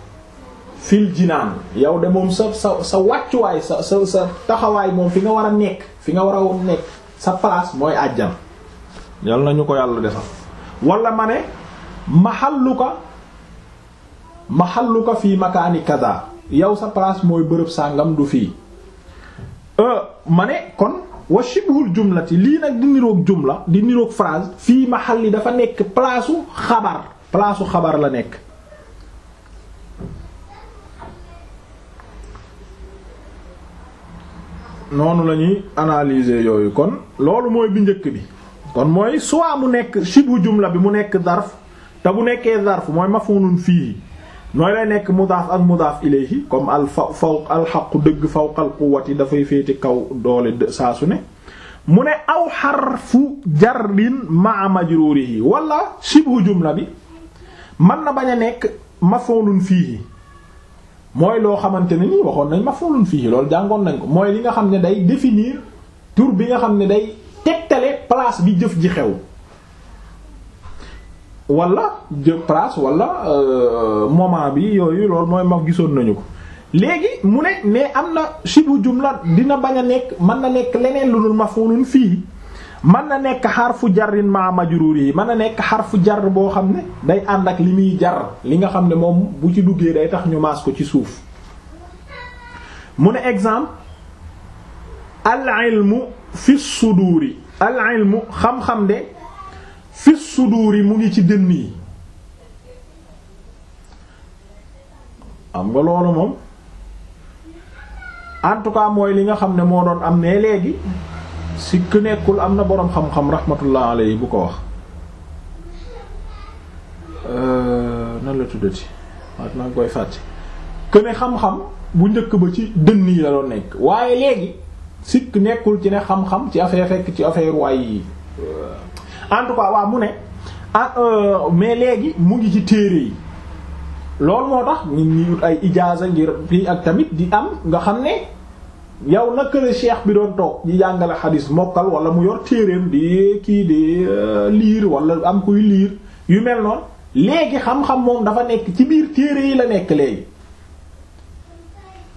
fil jinaan yow de moom sa sa sa wàccuwaay sa sa sa taxawaay moom fi nga war a nekk fi nga war a nekk sa place mooy àjjan yal na ñu ko yàlla defal wala ma ne mahalluka ko fii makaani kaza yow sa place mooy bërëb sàngam du fii euh, ma ne kon wa shibhul jumlati lii nag di niroog jumla di niroog phrase fii mahalli dafa nekk palaasu xabar palaasu xabar la nekk noonu la ñuy analyser yooyu kon loolu mooy bi njëkk bi kon mooy soit amu nekk shibu jumla bi mu nekk darf te bu nekkee zarf mooy maf'ulun fiihi nooy lay nekk mudaaf ak mudaaf ilayhi comme al fa fawq al xaqu dëgg fawqal yi dafay féete kaw doole saa su ne mu ne aw xarfu jarrin ma'a majruurihi wala shibhu jumla bi man na bañ a nekk maf'ulun fiihi mooy loo xamante ne nii waxoon nañ ma maf'ulun fii loolu jàngoon nañ ko mooy li nga xam ne day définir tour bi nga xam ne day tegtale place bi jëf ji xew wala jëf place wala euh, moment bi yooyu loolu mooy ma gisoon nañu ko léegi mu ne mais am na sibu jumla dina bañ a nekk mën na nekk leneen lu dul maf'ulun fii mën na nekk xarfu jarrin ma majruur yi mën na nekk xarfu jar boo xam ne day ànd ak li muy jar li nga xam ne moom bu ci duggee day tax ñu maas ko ci suuf mu ne exemple al ilmu fi suduuri al ilmu xam-xam de fi suduuri mu ngi ci dënn yi am nga loolu moom en tout cas mooy li nga xam ne moo doon am ne léegi sikk nekkul am na boroom xam-xam rahmatullah alayhi bu ko wax euh, nan la tuddati waaye naa koy fàtte que ne bu njëkk ba ci dënn nekk waaye léegi sikk nekkul ci ne xam-xam ci affaire fekk ci affaire waay yi euh, en mu ne ah euh, mais léegi mu ngi ci téere yi loolu moo tax nit ñi ay ijaaza ngir fii ak tamit di am nga xam ne. yow naka la cheikh bi doon toog di jàngale xadis mokkal wala mu yor téereem di kii di euh, liir wala am kuy liir yu mel noonu léegi xam-xam moom dafa nekk ci biir téere yi la nekk léegi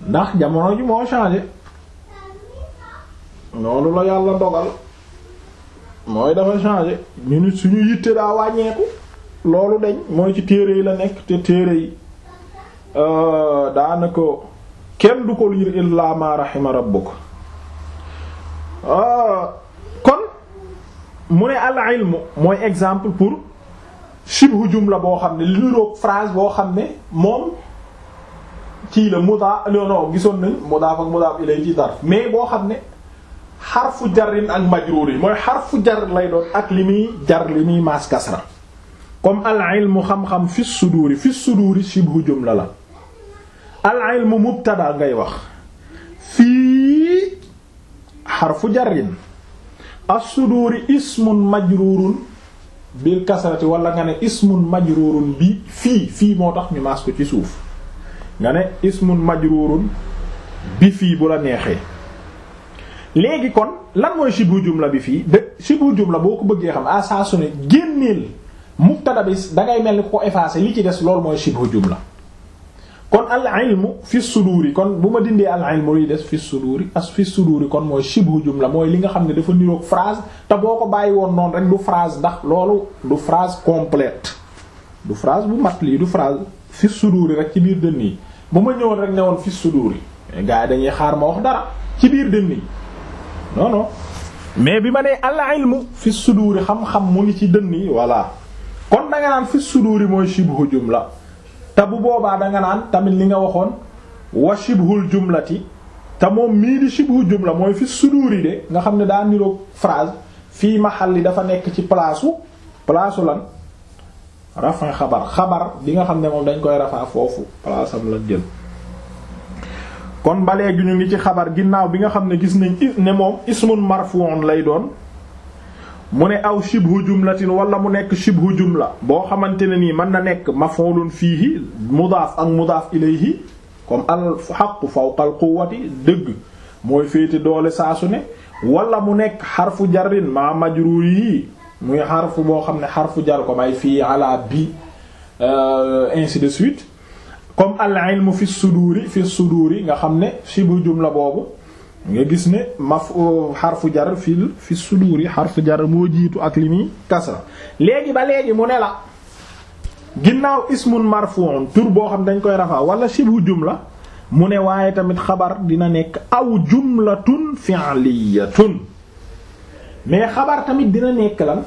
ndax jamono ji moo changé noonu la yàlla dogal mooy dafa changé ñu nit suñu yitte daa wàññeeku loolu dañ mooy ci téere yi la nekk te téere yi euh, daanaka. kenn du ko liir illaa ma rahima rabbuk ah, kon mu ne al ilmu mooy exemple pour shibhu jumla boo xam ne liroog phrase boo xam ne moom cii la mudaa non non gisoon nañ mudaaf ak mudaaf ilay ci dar mais boo xam ne xarfu jarin ak jar lay doon li muy jar li muy maas kasra comme al ilmu xam-xam fi suduuri fi suduuri shibhu jumla la al ilmu mubtada ngay wax fii xarfu jarrin as-suduuri ismun majruurun bil kasrati wala nga ne ismun majruurun bi fii fii moo tax ñu maas ko ci suuf nga ne ismun majruurun bi fii bu la neexee léegi kon lan mooy shibhu jumla bi fii de shibhu jumla boo ko bëggee xam à ah, saa su ne génneel mubtada bi dangay mel ni ko effacé li ci des loolu mooy shibhu jumla kon al ilmu fi suduuri kon bu ma dindee al ilmu luy des fi suduuri as fi suduuri kon mooy shibhu la mooy li nga xam ne dafa niroog phrase te boo ko bàyyi woon noonu rek du phrase ndax loolu du phrase complète du frase bu mat lii du phrase fi suduuri rek ci biir dënn yi bu ma ñëwoon rek ne woon fi suduuri gaa yi dañuy xaar ma wax dara ci biir dënn yi non mais bi ma nee al ilmu fi suduuri xam-xam mu ngi ci dënn yi voilà kon da nga naan fi suduuri mooy shibhu jumla te bu boobaa danga naan tamit li nga waxoon wa shibhul jumlati te moom mii di shibhu jumla mooy fi suduuri de nga xam ne daa niroog phrase fii yi dafa nekk ci palaasu u place u lan rafin xabar xabar bi nga xam ne moom dañ koy rafaa foofu place am jël kon ba léegi ñu ngi ci xabar ginnaaw bi nga xam ne gis nañ ne moom ismun marfu'un lay doon mu ne aw shibhu jumlatin wala mu nekk shibhu jumla boo xamante ne nii mën na nekk maf'ulun fiihi mudaaf ak mudaaf ilayhi comme al haqqu fawqa al quwwati dëgg mooy féete doole saa su ne wala mu nekk xarfu jarin ma majruur yi muy xarfu boo xam ne xarfu jar ko may fii ala bi euh, ainsi de suite comme al ilmu fi suduuri fi suduuri nga xam ne shibhu jumla boobu nga gis ne maf euh, xarfu jar fil fi suduuri xarfu jar moo jiitu ak li muy kasra léegi ba léegi mu ne la ginnaaw ismun marfu'un tur boo xam dañ koy rafa wala shibhu jumla mu ne waaye tamit xabar dina nekk aw jumlatun fi'liyatun mais xabar tamit dina nekk lan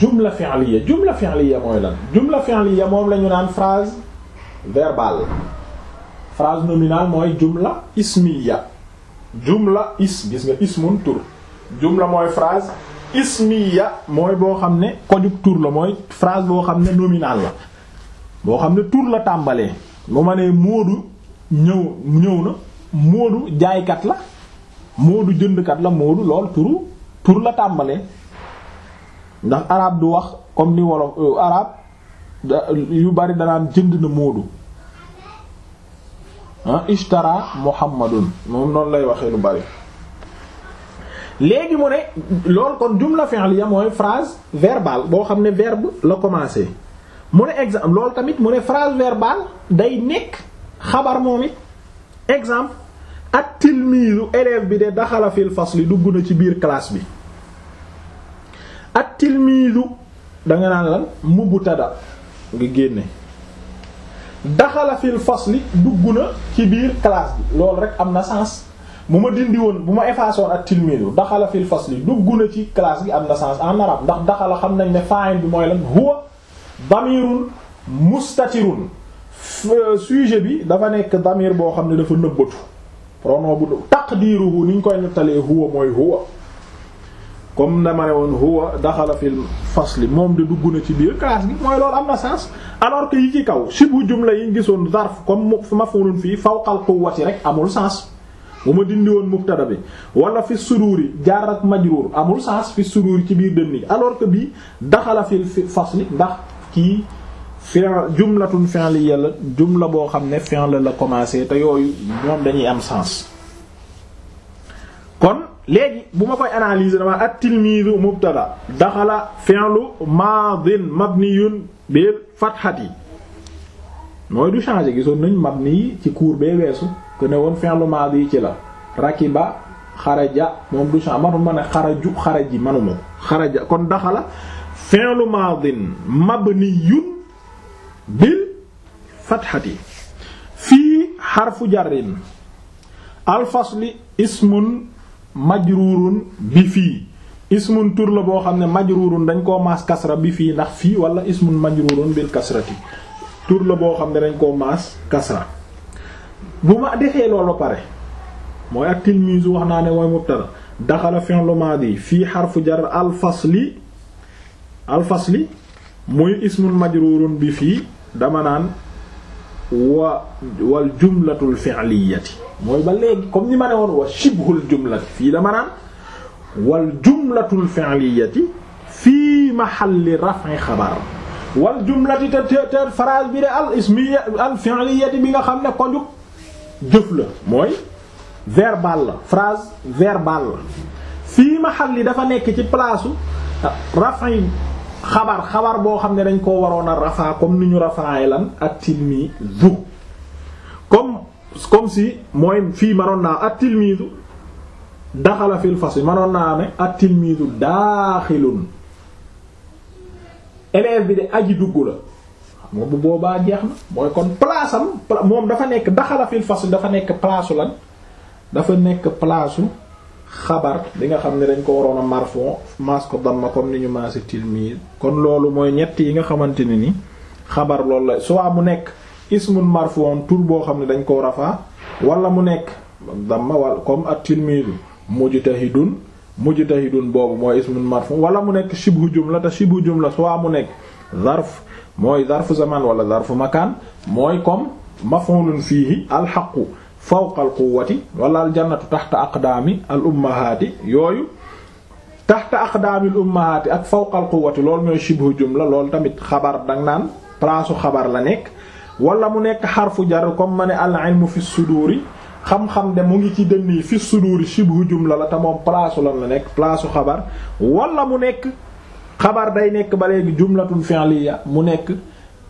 jumla fi'liya jumla fi'liya mooy lan jumla fi'liya moom lañu naan phrase verbale phrase nominale mooy jumla ismiya jumla is gis nga ismun tur jumla mooy phrase ismiya mooy boo xam ne kojug tur la mooy phrase boo xam ne nominale la boo xam ne tur la tàmbalee bu ma nee Moodu ñëw ñëw na Moodu jaaykat la Moodu jëndkat la Moodu lool turu tur la tàmbalee ndax arab du wax comme ni wolof euh, arab yu bari danaan jënd na Moodu ah ishtara muhammadun moom noonu lay waxee lu bari léegi mu ne loolu kon jumla fi'liya mooy phrase verbale boo xam ne verbe la commencer mu ne exemple loolu tamit mu ne phrase verbale day nekk xabar moom it exemple at tilmiizu élève bi de daxala fil fasli dugg na ci biir classe bi at tilmiizu danga naan lan mubtada nga génne daxala fil fasli dugg na ci biir classe bi loolu rek am na sens bu ma dindi woon bu ma effacé ak tilmiidu daxala fil fasli dugg na ci classe bi am na sens en arabe ndax daxala xam nañ ne fa'il bi mooy lan huwa damirun mustatirun euh, sujet bi dafa nekk damir boo xam ne dafa nëbbatu pronom bu taqdiruhu ni ñu koy nettalee huwa mooy huwa comme dama ne woon huwa daxala fil fasli moom de dugg na ci biir classe gi mooy loolu am na sens alors que yi ci kaw sibu jumla yi gisoon zarf comme maf'ulun fii faw fawqal quwwati rek amul sens bu ma dindi woon mubtada bi wala fi sururi jaar ak majruur amul sens fi sururi ci biir dënn gi alors que bii fasli ndax kii fi'l jumlatun fi'liyya la jumla boo xam ne fi'l la la commencé te yooyu ñoom dañuy am sens kon léegi bu ma koy analyser dama at-tilmiizu mubtada daxala fi'lu maadin mabniyun bil fatxati mooy du changer gisoon nañ mabni yi ci cours bee weesu que ne woon ci la rakiba xaraja moom du changer manuma ne kon daxala fi'lu maadin mabniyun bil fatxati fii xarfu jarrin al fasli ismun majruurun bi fii ismun tur la boo xam ne majruurun dañ koo maas kasra bi fii ndax fii wala ismun majruurun bi kasrati tur la boo xam ne dañ koo maas kasra bu ma defee loolu pare mooy ak tilmizu wax naa ne mooy mubtada daxala fi'lu maadi fii xarfu jar alfasli alfasli muy ismun majruurun bi fii dama naan wa wal jumlatul fi'liyati mooy ba léegi comme ni ma ne woon wa shibhul jumlati fii dama naan wal jumlatul fi'liyati fii mahalli raf'i xabar wal jumlati bi de al ismiya al fi'liyati bi nga xam ne konjug jëf mooy verbal la phrase verbal la fii mahalli dafa nekk ci place ah, raf'i xabar xabar boo xam ne dañ koo waroon a rafaa comme ni ñu rafaay lan at-tilmiizu comme comme si mooy fii manoon naa at-tilmiizu daxala fil fasl manoon naa ne at-tilmiizu daaxilun élève bi de aji dugg la moom bu boobaa jeex na mooy kon place moom dafa nekk daxala fil fasl dafa nekk place lan dafa nekk place xabar bi nga xam ne dañ ko waroon a marfon maas ko damma comme ni ñu maase tilmiir kon loolu mooy ñett yi nga xamante ne ni xabar loolu la soit mu nekk ismun marfon tur boo xam ne dañ ko rafa wala mu nekk damma wala comme at tilmiir mujtahidun mujtahidun boobu mooy ismun marfon wala mu nekk shibhu jumla te shibhu la soit mu nekk zarf mooy zarfu zaman wala zarfu makan mooy comme maf'ulun fihi alxaqu fawqa al quwwati wala al jannatu taxta aqdaami al ummahaati yooyu taxta aqdaami al ummahaati ak fawqa al quwwati loolu mooy shibhu jumla loolu tamit xabar dang naan palaasu xabar la nekk wala mu nekk xarfu jar comme ma ne al ilmu fi de mu ngi ci dënn fi suduuri shibhu jumla la palaasu lan la nekk palaasu xabar wala mu nekk xabar day nekk ba léegi jumlatun fi'liya mu nekk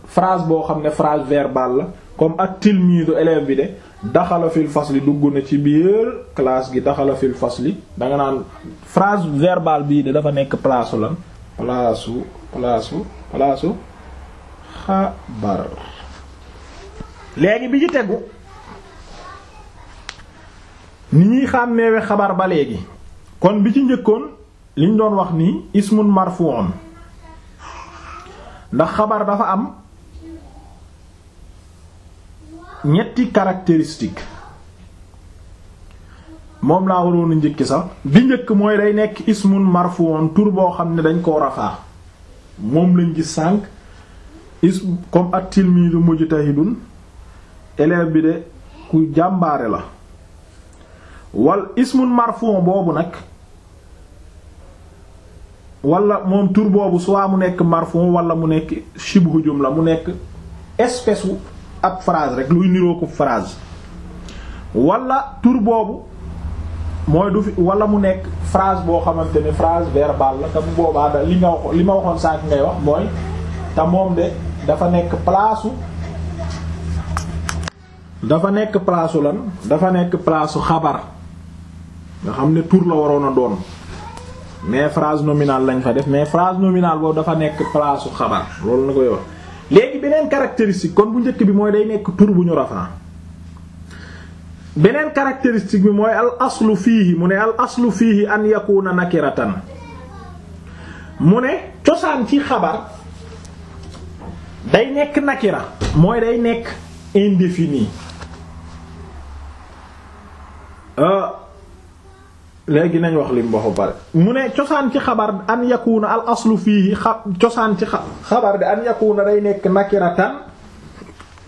frase boo xam ne phrase verbale la comme ak tilmiidu élève bi de daxala fil fasli dugg na ci biir classe gi daxala fil fasli danga naan phrase verbale bii de dafa nekk place lan place su place xabar léegi bi ci tegu ni ñuy xàmmeewe xabar ba léegi kon bi ci njëkkoon liñ doon wax nii ismun marfu'un ndax xabar dafa am ñetti caractéristiques moom laa waroon a njëkki sax bi njëkk mooy day nekk ismun marfuun tur boo xam ne dañ koo rafaa moom lañ gis sànq ism comme at-tilmiidu mujtahidun élève bi de ku jàmbaare la wal ismun marfuun boobu nag wala moom tur boobu soit mu nekk marfuun wala mu nekk shibhu la mu nekk espèce ab phrase rek luy niroo ko phrase walla tur boobu mooy du fi wala mu nekk phrase boo xamante ne phrase verbale la te bu boobaa da li nga wax li ma waxoon sànq ngay wax mooy te moom de dafa nekk place dafa nekk place lan dafa nekk place xabar nga xam ne tour la waroon a doon mais phrase nominale lañ fa def mais phrase nominale boobu dafa nekk place xabar loolu na koy wax. léegi beneen caractéristique kon bu njëkk bi mooy day nekk tur bu ñu rafaa beneen caractéristique bi mooy al aslu fiihi mu ne al aslu fiihi an yakuna nakiratan mu ne cosaan ci xabar day nekk nakira mooy day nekk indéfini euh léegi nañ wax lim waxu pare mu ne cosaan ci xabar an yakuna al aslu fii xa cosaan ci xabar bi an yakuna day nekk nakiratan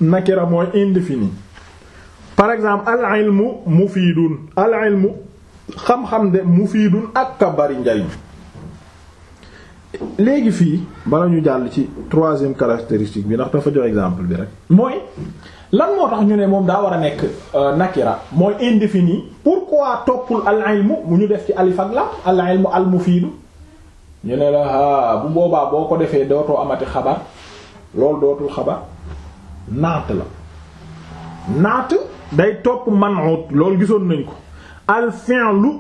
nakira mooy indéfini par exemple al ilmu mufidun al ilmu xam-xam de mufidun ak ka bari njariñ léegi fii bala ñu jàll ci troisième caractéristique bi ndax dafa jox exemple bi rek mooy lan moo tax ñu ne moom daa war a nekk euh, nakira mooy indéfini pourquoi toppul al ilmu mu ñu def ci alif la lam al ilmu al mufiidu ñu ne la bu boobaa boo ko defee dootoo amati xabar loolu dootul xabar naat la naat day topp man'ut loolu gisoon nañ ko al fi'lu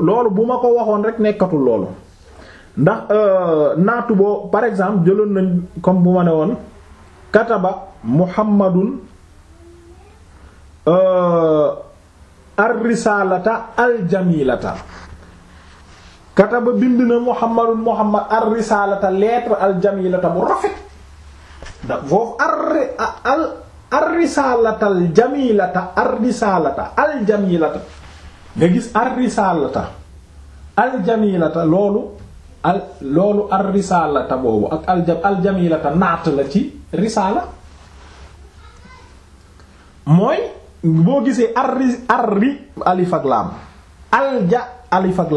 loolu bu ma ko waxoon rek nekkatul loolu ndax euh, naatu boo par exemple jëloon nañ comme bu ma ne woon kataba muhammadun Euh, ar-risalata al-jamilata kataba bind na muhammadun muhammad ar-risalata lettre al-jamilata bu rafet foofu ar ar-risalata al-jamilata ar al-jamilata nga gis ar-risalata al-jamilata loolu al loolu ar-risalata boobu ak al-jamilata naat la ci risala mooy boo gisee arri arri alif ak laam alja alif ak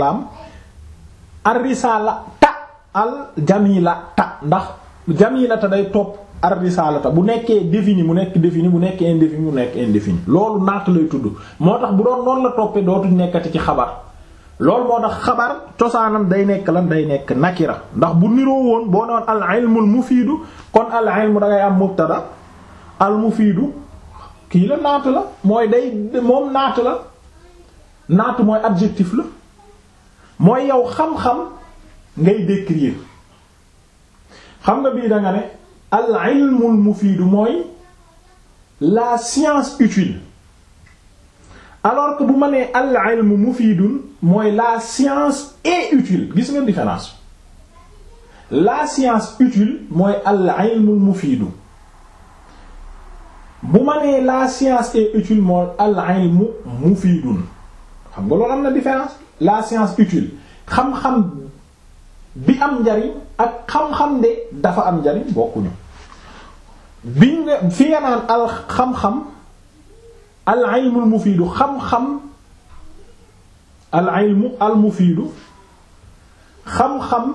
ta al jamila ta ndax jamila day topp arrisalata bu nekkee défini mu nekk défini bu nekk indéfini mu nekk indéfini loolu naat lay tudd moo tax bu doon noonu la toppee dootuñ nekkati ci xabar loolu moo tax xabar cosaanam day nekk lan day nekk nakira ndax bu niroo woon boo noon al ilmul mufiidu kon al ilmu dangay am mubtada al kii la naat la mooy day moom naatu la naatu mooy adjectif la mooy yow xam-xam ngay décrire xam nga bii da nga ne al ilmul mufiidu mooy la science utile alors bu ma nee al mooy la science est utile gis nga différence la science utile mooy al ilmul mufiidu bu ma nee la science est utile mooy al ilmu mufidun xam nga loolu am na différence la science utile xam-xam bi am njariñ ak xam-xam de dafa am njariñ bokkuñu bi nga fi nga naan al xam-xam al ilmu al mufidu xam-xam xam-xam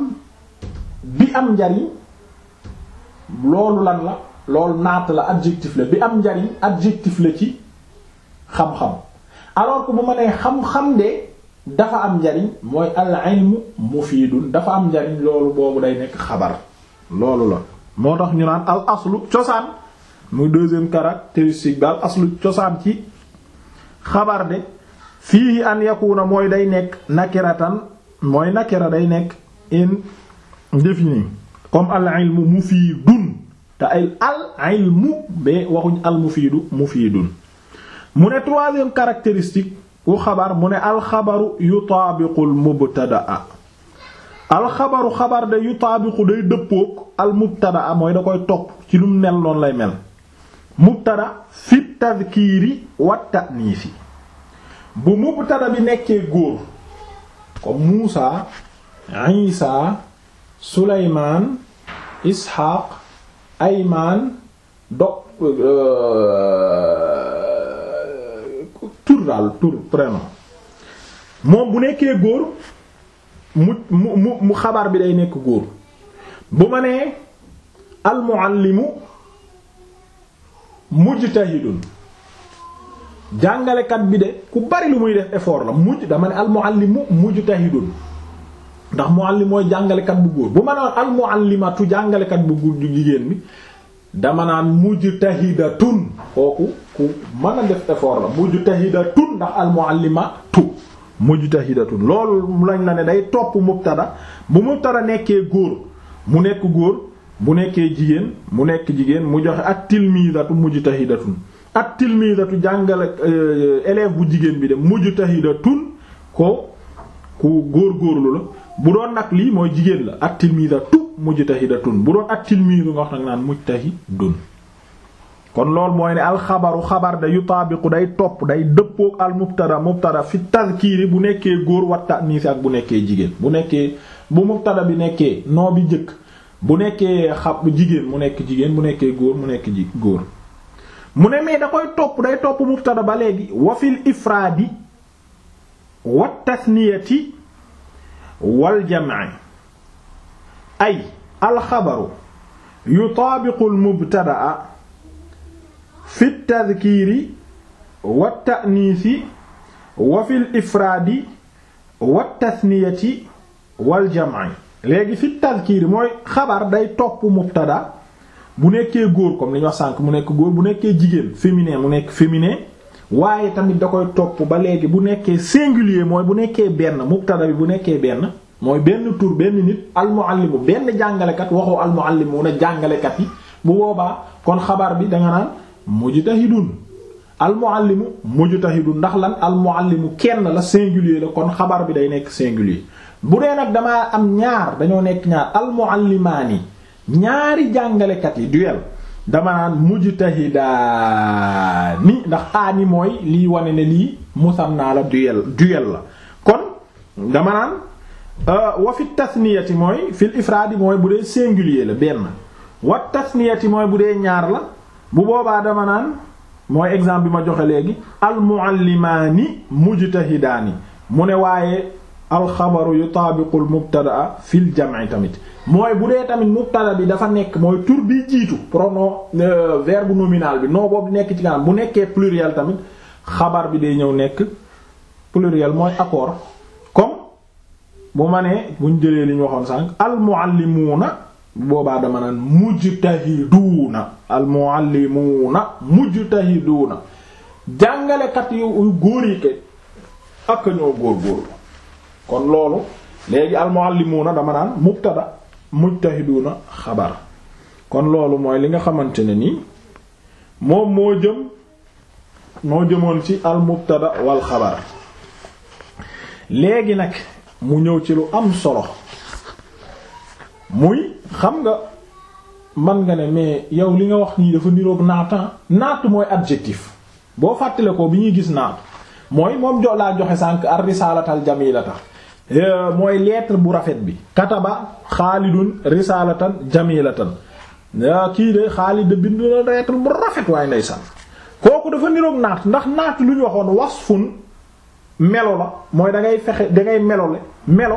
bi am njariñ loolu lan la loolu naat la adjectif la bi am njariñ adjectif la ci xam-xam alors que bu ma nee xam-xam de dafa am njariñ mooy al ilmu mufiidun dafa am njariñ loolu boobu day nekk xabar loolu la moo tax ñu naan al aslu cosaan muy deuxième caractéristique bi al aslu cosaan ci xabar de fii an yakuna mooy day nekk nakiratan mooy nakira day nekk indéfini comme al ilmu mufiidun te ay al ilmu mais waxuñ al mufiidu mufiidun mu ne troisième caractéristique wu xabar mu ne alxabaru yutaabiqul mubtadaa alxabaru xabar de yutaabiqu day dëppook al mubtadaa mooy da koy topp ci lu mel noonu lay mel mubtada fi tadkiiri wa ta'niisi bu mubtada bi nekkee góor comme Muusa Isa Suleymaan Isxaaq aymaan dog euh, tur daal tur prénom moom bu nekkee góor mu mu mu xabaar bi day nekk góor bu ma nee almuallimu mujtahidun jàngalekat bi de ku bari lu muy def effort la mujj dama ne almuallimu mujtahidun ndax muallim mooy jàngalekat bu góor bu ma naan al muallimatu jàngalekat bu góor ju jigéen bi dama naan mujtahidatun kooku ku mën a def effort la mujtahidatun ndax al muallimatu mujtahidatun loolu lañ la ne day topp mubtada bu mubtada nekkee góor mu nekk góor bu nekkee jigéen mu nekk jigéen mu joxe ak at tilmizatu mujtahidatun at tilmizatu jàngale euh, élève bu jigéen bi de mujtahidatun ko ku góor góorlu la bu doon nag lii mooy jigéen la at-tilmizatu mujtahidatun bu doon at-tilmizu nga wax nag naan mujtahidun kon loolu mooy ne alxabaru xabar yu yutaabiqu day topp day dëppook al mubtada mubtada fi tazkiri bu nekkee góor wa ta'nisi ak bu nekkee jigéen bu nekkee bu mubtada bi nekkee noo bi njëkk bu nekkee xab jigéen mu nekk jigéen bu nekkee góor mu nekk ji góor mu ne mais da koy topp day topp mubtada ba léegi wa fil ifraadi wa tasniyati wal jam'i ay alxabaru yutaabiqu almubtadaa fi tadkiiri wa ta'niisi wa fi ifraadi wa tasniyati wal jam'i léegi fi tadkiiri mooy xabar day topp mubtada bu nekkee góor comme li ñu wax sànk mu nekk góor bu nekkee jigéen féminin mu nekk féminin waaye tamit da koy topp ba léegi bu nekkee singulier mooy bu nekkee benn mubtada bi bu nekkee benn mooy benn tur benn nit almuallimu benn jàngalekat waxoo almuallimuuna jàngalekat yi bu boobaa kon xabaar bi danga naan mujtahidun almuallimu mujtahidun ndax lan almuallimu kenn la singulier la kon xabaar bi day nekk singulier bu dee nag damaa am ñaar dañoo nekk ñaar almuallimaani ñaari jàngalekat yi duel dama naan mujtahidaani ndax aani mooy lii wane ne lii musanna la duel duel la kon dama naan euh, wa fi tasniyati mooy fil ifraadi mooy bu dee singulier la benn wa tasniyati mooy bu dee ñaar la bu boobaa dama naan mooy exemple bi ma joxe léegi al muallimaani mujtahidaani mu ne waaye alxabaru yutaabiqu almubtadaa fil jam'i tamit mooy bu dee tamit mubtada bi dafa nekk mooy tur bi jiitu pronom euh, verbe nominal bi noo boobu nekk ci kanam bu nekkee pluriel tamit xabar bi day ñëw nekk pluriel mooy accord comme bu ma nee buñ jëlee li ñu waxoon sànq almuallimuuna boobaa dama naan mujtahiduuna almuallimuuna mujtahiduuna jàngalekat yu góor yi ke ak ñoo góor góor kon loolu léegi almuallimuuna dama naan mubtada mujtahiduuna xabar kon loolu mooy li nga xamante ne nii moom moo jëm moo jëmoon ci almubtada wal xabar léegi nag mu ñëw ci lu am solo muy xam nga man nga ne mais yow li nga wax nii dafa niroog naata ah? naatu mooy adjectif boo fàttale ko bi ñuy gis naatu mooy moom jo joxe sànq ar risalatal jamilata Euh, mooy lettre bu rafet bi kataba xaalidun risalatan jamilatan euh, kii de xaalid bind na lettre bu rafet waaye ndeysaan kooku dafa niroog naat ndax naat lu ñu waxoon wasfun melo la mooy dangay fexe da ngay melo melo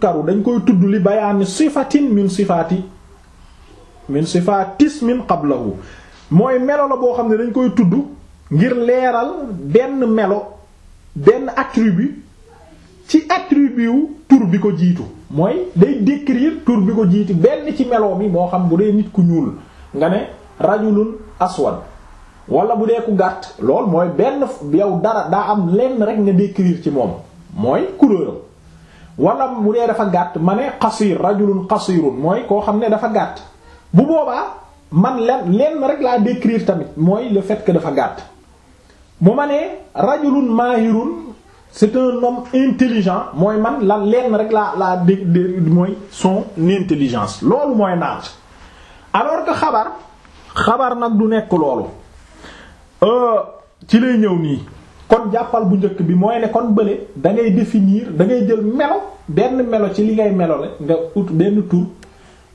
karu dañ koy tudd li bayaani sifatin min sifati min sifatis min qablahu mooy melo la boo xam ne dañ koy tudd ngir leeral benn melo benn attribut ci attribut wu tur bi ko jiitu mooy day décrire tur bi ko jiitu benn ci meloo bi moo xam bu dee nit ku ñuul nga ne rajulun aswad wala bu dee ku gàtt lool mooy benn yow dara daa am lenn rek nga décrire ci moom mooy couleur am wala bu dee dafa gàtt ma ne qasir rajulun qasirun mooy koo xam ne dafa gàtt bu boobaa man lenn lenn rek laa décrir tamit mooy le fekk dafa gàtt bu ma nee rajulun maahirun c'est un homme intelligent mooy man lan lenn rek laa laa dégg mooy son intelligence loolu mooy naat alors que xabar xabar nag du nekk loolu euh, ci lay ñëw nii kon jàppal bu njëkk bi mooy ne kon bële da ngay définir da ngay jël melo benn melo ci li ngay melo la nga ut benn tur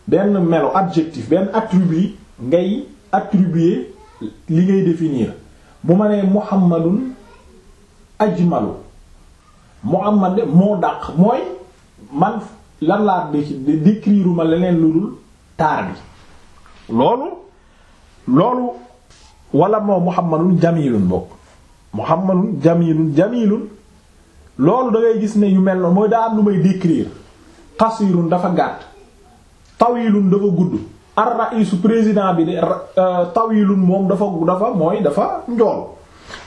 benn melo adjectif benn attribut ngay attribuer li ngay définir bu ma nee Muhammadun ajmalu mu am muhammad de moo dàq mooy man lan laa di décrire ma leneen lu dul taar bi loolu loolu wala moo muhammadun jamilun bokk muhammadun jamilun jamilun loolu da gis ne yu mel noonu mooy daa am lu may décrire qasirun dafa gàtt tawilun dafa gudd ar ra'isu président bi de euh, tawilun moom dafa dafa mooy dafa njool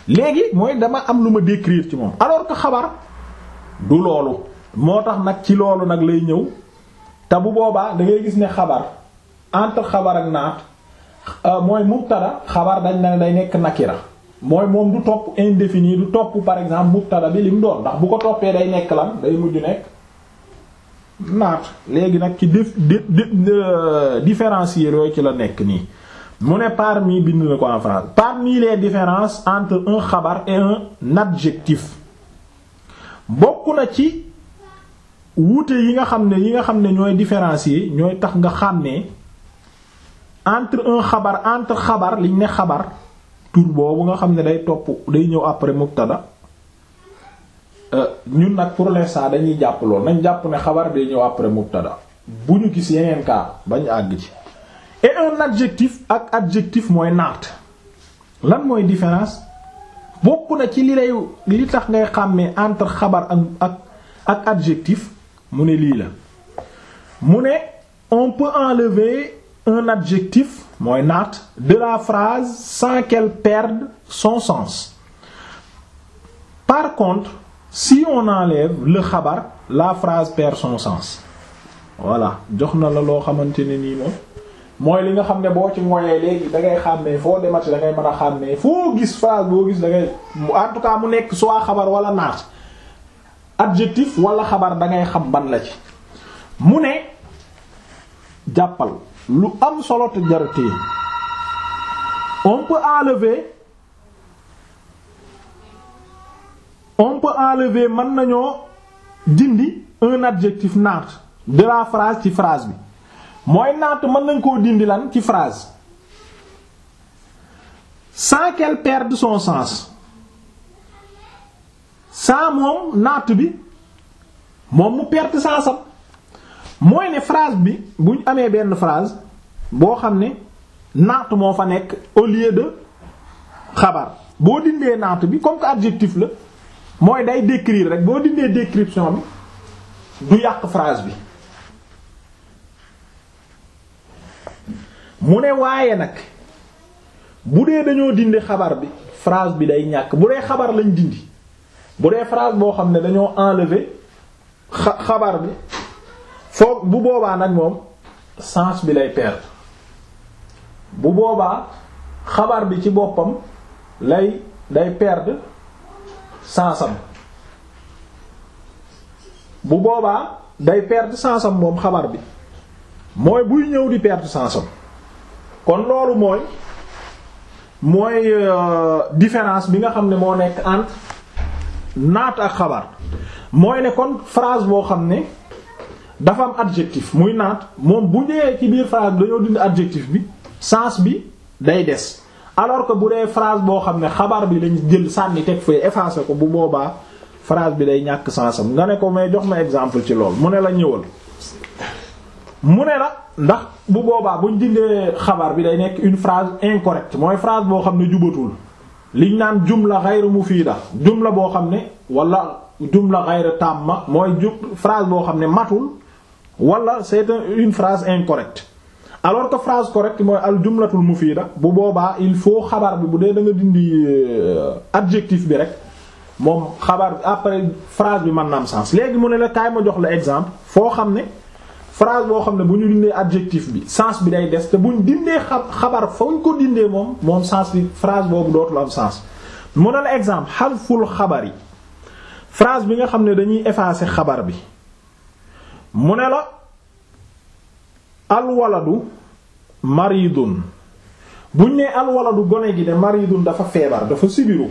léegi mooy dama am lu ma décrire ci moom alors que xabar du loolu moo tax nag ci loolu nag lay ñëw te bu boobaa da ngay gis ne xabar entre xabar ak naat euh, mooy mubtada xabar dañ na day nekk nakira mooy moom du topp indéfini du topp par exemple mubtada bi lim doon ndax bu ko toppee day nekk lan day mujj nekk naat léegi nag ci dif euh, différencier yooyu ci la nekk nii mu ne parmi bind na ko en France parmi les différences entre un xabar et un adjectif bokk na ci wuute yi nga xam ne yi nga xam ne ñooy yi ñooy tax nga xàmmee entre un xabar entre xabar liñ ne xabar tur boobu nga xam ne day topp day ñëw après mubtada euh, ñun nag pour l'instant dañuy jàpp lool nañ jàpp ne xabar day ñëw après mubtada bu ñu gis yeneen cas bañ àgg ci et un adjectif ak adjectif mooy naat lan mooy différence bokk na ci li lay li tax ngay xàmmee entre xabar ak ak ak adjectif mu ne lii la mu ne on peut enlever un adjectif mooy naat de la phrase sans qu'elle perde son sens par contre si on enlève le xabar la phrase perd son sens voilà jox na la loo xamante ne nii moom mooy li nga xam ne boo ci moyee léegi dangay ngay xàmmee foo demati da ngay mën a xàmmee foo gis phrase boo gis da ngay en mu nekk soit xabar wala naat adjectif wala xabar da ngay xam ban la ci mu ne jàppal lu am solo te jarutee on peut enlever on mën nañoo dindi un adjectif naat de la phrase ci frase bi. mooy naat mën nañ koo dindi lan ci phrase sans qu'elle perde son sens sans moom naat bi moom mu perte sensam mooy ne phrase bi buñ amee benn phrase boo xam ne naat moo fa nekk au lieu de xabar boo dindee naat bi comme que adjectif la mooy day décrire rek boo dindee description bi du yàq phrase bi mu ne waaye nag bu dee dañoo dindi xabar bi phrase bi day ñàkk bu dee xabar lañ dindi bu dee phrase boo xam ne dañoo enlever xabar bi foog bu boobaa nag moom sens bi lay perdre bu boobaa xabar bi ci boppam lay day perdre sensam bu boobaa day perdre sensam moom xabar bi mooy buy ñëw di perdre sensam kon loolu mooy mooy euh, différence bi nga xam ne moo nekk entre naat ak xabar mooy ne kon phrase boo xam ne dafa am adjectif muy naat moom bu ñëwee ci biir phrase dañoo dindi adjectif bi sens bi day des alors que bu dee phrase boo xam ne xabar bi lañ jël sànni teg fee effacé ko bu boobaa phrase bi day ñàkk sensam nga ne ko may jox ma exemple ci lool mu ne la ñëwal mu ne la ndax bu boobaa buñ dindee xabar bi day nekk une phrase incorrecte mooy phrase boo xam ne jubatul liñ naan jumla ghayru mufida jumla boo xam ne wala jumla ghayru tamma mooy ju phrase boo xam ne matul wala c'est une phrase incorrecte alors que phrase correcte mooy al jumlatul mufida bu boobaa il faut xabar bi bu dee da nga dindi euh, abjectif bi rek moom xabar après phrase bi man na am sens léegi mu ne la kaay ma jox la exemple foo xam ne. phrase boo xam ne bu ñu dindee adjectif bi sens bi day des te buñ dindee xabar fa ko dindee moom moom sens bi phrase boobu dootul am sens mu ne la exemple xalful xabar yi phrase bi nga xam ne dañuy effacer xabar bi mu ne la alwaladu maridun buñ nee alwaladu gone gi ne maridun dafa feebar dafa sibiru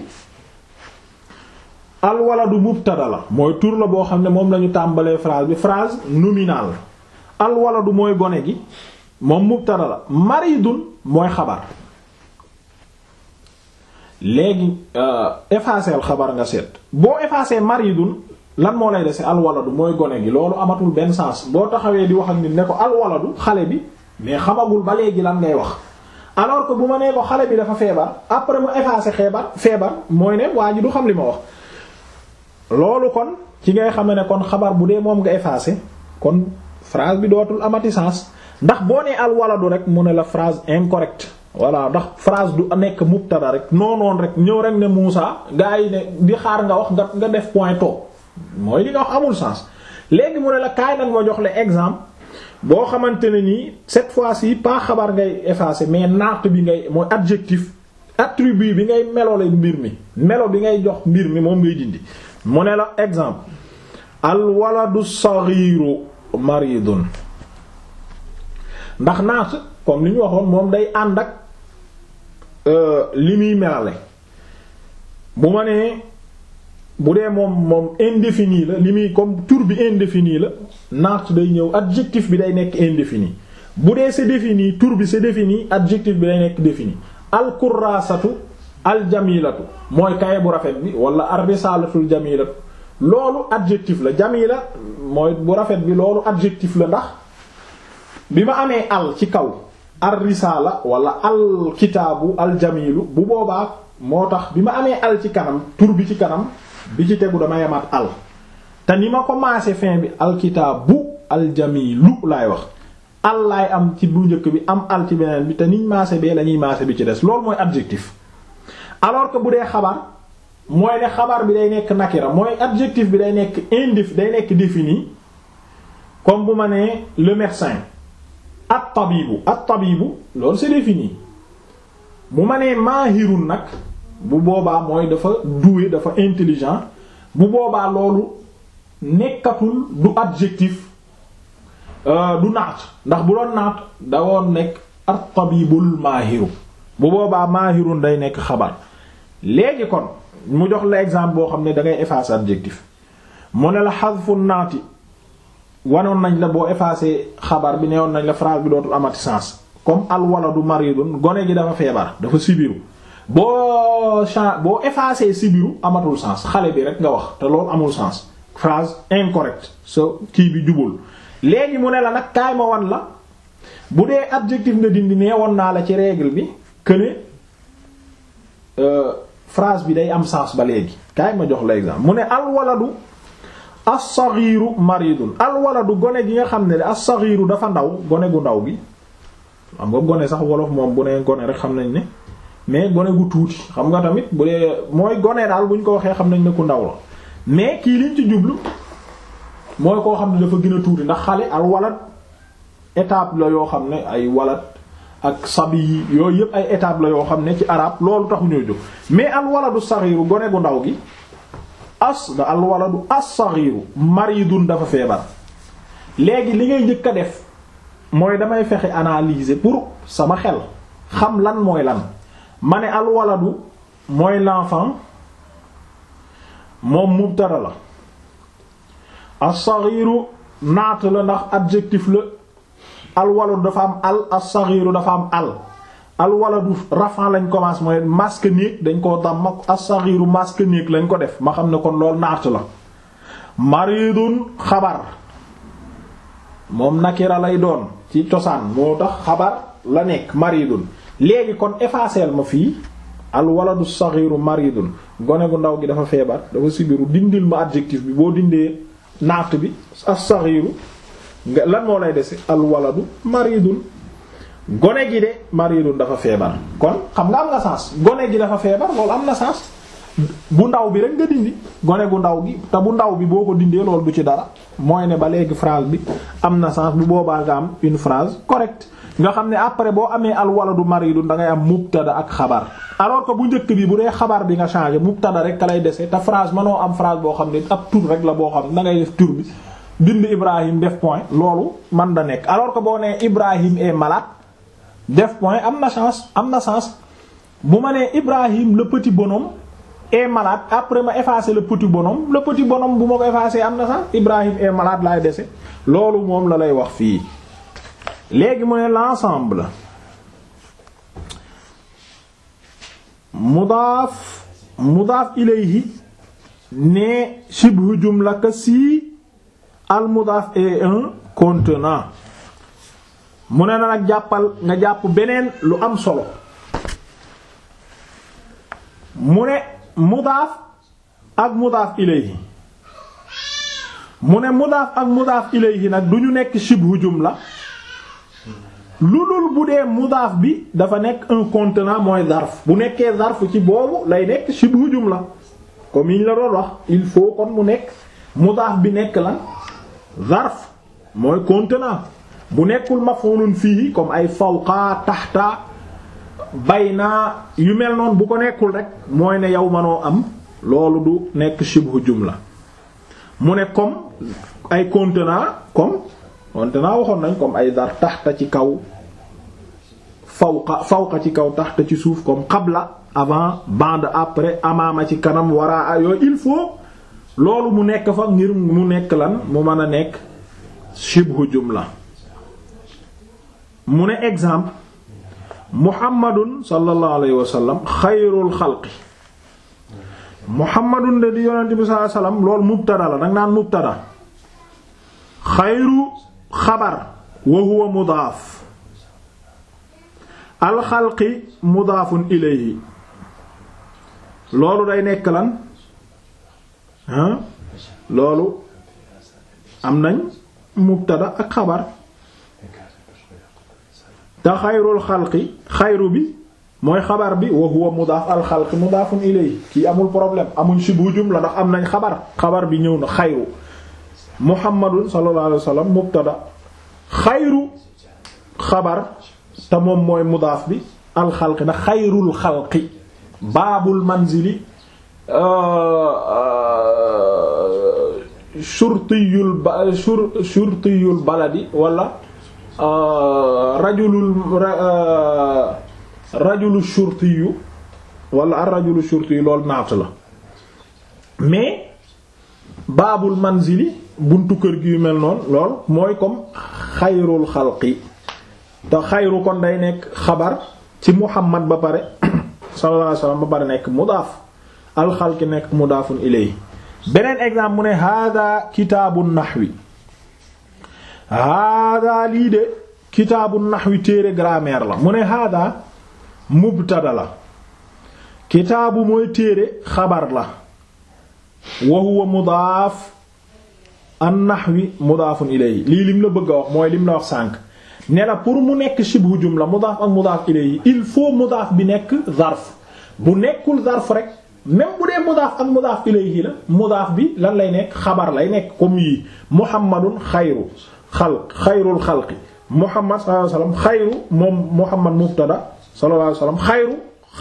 alwaladu mubtada la mooy tur la boo xam ne moom lañu tàmbalee phrase bi phrase nominale alwaladu mooy gone gi moom mubtada la maridun mooy xabar léegi euh, effacer xabar nga seet boo effacer maridun lan moo lay dese alwaladu mooy gone gi loolu amatul benn sens boo taxawee di wax ak nit ne ko alwaladu xale bi mais xamagul ba léegi lan ngay wax alors que bu ma nee ko xale bi dafa feebar après mu effacer xeebar feebar mooy ne waa ji du xam li ma wax loolu kon ci ngay xam ne kon xabar bu dee moom nga effacer kon phrase bi dootul amati sens ndax boo nee alwaladu rek mu ne la phrase incorrecte voilà ndax phrase du nekk mubtada rek noonoon rek ñëw rek ne Muusa gaa yi ne di xaar nga wax nga nga def point toog mooy li wax amul sens léegi mu ne la kaay nag ma jox la exemple boo xamante ne nii cette fois-ci pas xabar ngay effacer mais naaq bi ngay mooy adjectif attribut bi ngay melo la mbir mi melo bi ngay jox mbir mi moom ngay dindi mu ne la exemple alwaladu saghiru maridun ndax naat comme li ñu waxoon moom day ànd ak euh, li muy melale bu ma nee bu dee moom moom indéfini la li muy comme tur bi indéfini la naas day ñëw adjectif bi day nekk indéfini bu dee c'est défini tur bi c'est défini adjectif bi day nekk défini alkurasatu aljamilatu mooy kaye bu rafet bi wala arrisaalatul jamilatu loolu adjectif la jamila mooy bu rafet bi loolu adjectif la ndax bi ma amee al ci kaw ar risaala wala al kitaabu al jamilu bu boobaa moo tax bi ma amee al ci kanam tur bi ci kanam bi ci tegu dama yemaat al te ni ma commencé fin bi al kitaabu al jamilu laay wax all laay am ci bu njëkk bi am al ci beneen bi te niñ maase bee lañuy maase bi ci des loolu mooy adjectif alors que bu dee xabaar mooy ne xabar bi day nekk nakira mooy adjectif bi day nekk indif day nekk défini comme bu ma nee le médecin at-tabibu at-tabibu loolu c'est défini bu ma nee maahirun nag bu boobaa mooy dafa doué dafa intelligent bu boobaa loolu nekkatul du adjectif euh, du naat ndax bu doon naat dawoon woon nekk at-tabibul maahiru bu boobaa maahirun day nekk xabar léegi kon mu jox la exemple boo xam ne da ngay effacer adjectif mu ne la xadfu naati wanoon nañ la boo effacer xabar bi newoon nañ la phrase bi dootul amati sens comme al waladu maridun gone gi dafa feebar dafa sibiru boo chan boo effacer sibiru amatul sens xale bi rek nga wax te loolu amul sens phrase incorrecte so kii bi jubul léegi mu ne la nag kaay wan la bu dee adjectif nga dindi nee woon naa la ci règle bi que euh, phrase bi day am sens ba léegi kaay ma jox la exemple mu ne alwaladu as-saghiru maridun alwaladu gone gi nga xam ne as-saghiru dafa ndaw gone gu ndaw bi xam nga gone sax wolof moom bu nee gone rek xam nañ ne mais gone gu tuuti xam nga tamit bu dee mooy gone daal bu ñu ko waxee xam nañ ne ku ndaw la mais kii liñ ci jublu mooy koo xam ne dafa gën a tuuti ndax xale alwalad étape la yoo xam ne ay walad ak sabi yi yooyu yëpp ay étape la yoo xam ne ci arab loolu taxu ñoo jóg mais alwaladu saxiiru gone gu ndaw gi as nga alwaladu as saxiiru maridun dafa feebar léegi li ngay njëkk a def mooy damay fexe analyser pour sama xel xam lan mooy lan ma ne alwaladu mooy l'enfant moom mubtada la as saxiiru naat la ndax adjectif la alwaladu dafa am al as dafa am al alwaladu rafan lañ commence mooy masque néeg dañ koo dam as-saghiru masque néeg lañ ko def ma xam ne kon loolu naart la maridun xabar moom nakira lay doon ci cosaan moo tax xabar la nekk maridun léegi kon effacer ma fii alwaladu saghiru maridun gone gu ndaw gi dafa feebar dafa sibiru dindil ma adjectif bi boo dindee naat bi as nga lan moo lay dese alwaladu maridun gone gi de maridun dafa feebar kon xam nga am na sens gone gi dafa feebar loolu am na sens bu ndaw bi rek nga dindi gone gu ndaw gi te bu ndaw bi boo ko dindee loolu du ci dara mooy ne ba léegi phrase bi am na sens bu boobaa nga am une phrase correcte nga xam ne après boo amee alwaladu maridun da ngay am mubtada ak xabar alors que bu njëkk bi bu dee xabar bi nga changé mubtada rek ka lay dese te phrase mënoo am phrase boo xam ne ab tur rek la boo xam ne da ngay tur bi bind Ibrahim def point loolu man da nekk alors que boo nee Ibrahim est malade def point am na chance am na chance bu ma nee Ibrahim le petit bonom est malade après ma effacer la petit bonhomme le petit bonhomme bu ma ko effacer am na chance Ibrahim est malaat laay dese loolu moom la lay wax fii léegi mu ne l'ensemble mudaaf mudaaf ilayhi ne shibhu jumla kasi al mudaaf est un mu ne na nag jàppal nga jàpp beneen lu am solo mu ne mudaaf ak mudaaf ilayhi mu ne mudaaf ak mudaaf ilayhi nag du ñu nekk shibhu jumla lu dul bu dee mudaaf bi dafa nekk un contenant mooy zarf bu nekkee zarf ci boolu lay nekk shibhu jumla comme yiñ la doon wax il faut kon mu nekk mudaaf bi nekk la zarf mooy contenant bu nekkul maf'ulun fii comme ay fawqa taxta bayna yu mel noonu bu ko nekkul rek mooy ne yow manoo am loolu du nekk shibhu jumla mu ne comme ay contenant comme contenant waxoon nañ comme ay zarf taxta ci kaw fawqa fawqa ci kaw taxta ci suuf comme qabla avant bande après amaama ci kanam waraa yooyu il faut loolu mu nekk fa ngir mu nekk lan mu mën a nekk shibhu jumla mu ne exemple muhammadun sallallahu alayhi wa sallam xayrul xalqi muhammadun de di yonent bi sallallahu alayhi wa sallam loolu mubtada la danga naan mubtada xayru xabar wa huwa mudaaf alxalqi mudaafun ilayhi loolu day nekk lan loolu am nañ mubtada ak xabar te xayrul xalqi xayru bi mooy xabar bi wa huwa mudaaf al xalqi ilay kii amul problème amuñ si bu jumla ndax am nañ xabar xabar bi ñëw na xayru muhammadun sallallahu alayhi wa sallam mubtada xayru xabar te moom mooy mudaaf bi al xalqi ndax xayrul xalqi baabul euh, euh, shurtiyul ba shur shurtiyul baladi wala ah, rajulul ah, rajulu shurtiyu wala ar rajulu shurtiyu loolu naat la mais baabul manzili buntu kër gi yu mel noonu lool mooy comme xayrul xalqi te xayru ko day nekk xabar ci muhammad ba pare sallallahu alayhi wasallam ba pare nekk mudaaf alxalqi nekk mudaafun ilayhi beneen exemple mu ne hada kitaabu naxwi hada lii de kitaabu naxwi téere grammaire la mu ne hada mubtada la kitaabu mooy téere xabar la wa huwa mudaaf an naxwi mudaafun ilayhi lii lim la bëgg a wax mooy lim la wax sànq ne la pour mu nekk shibhu jumla mudaaf ak mudaaf ilayhi il faut mudaaf bi nekk zarf bu nekkul zarf rek même bu dee mudaaf ak mudaaf ilayhi la mudaaf bi lan lay nekk xabar lay nekk comme yii muhammadun xayru xalq xayrul xalqi muhammad sallallahu alayhi moom muhammad mubtada sallallahu alayhi wasallam xayru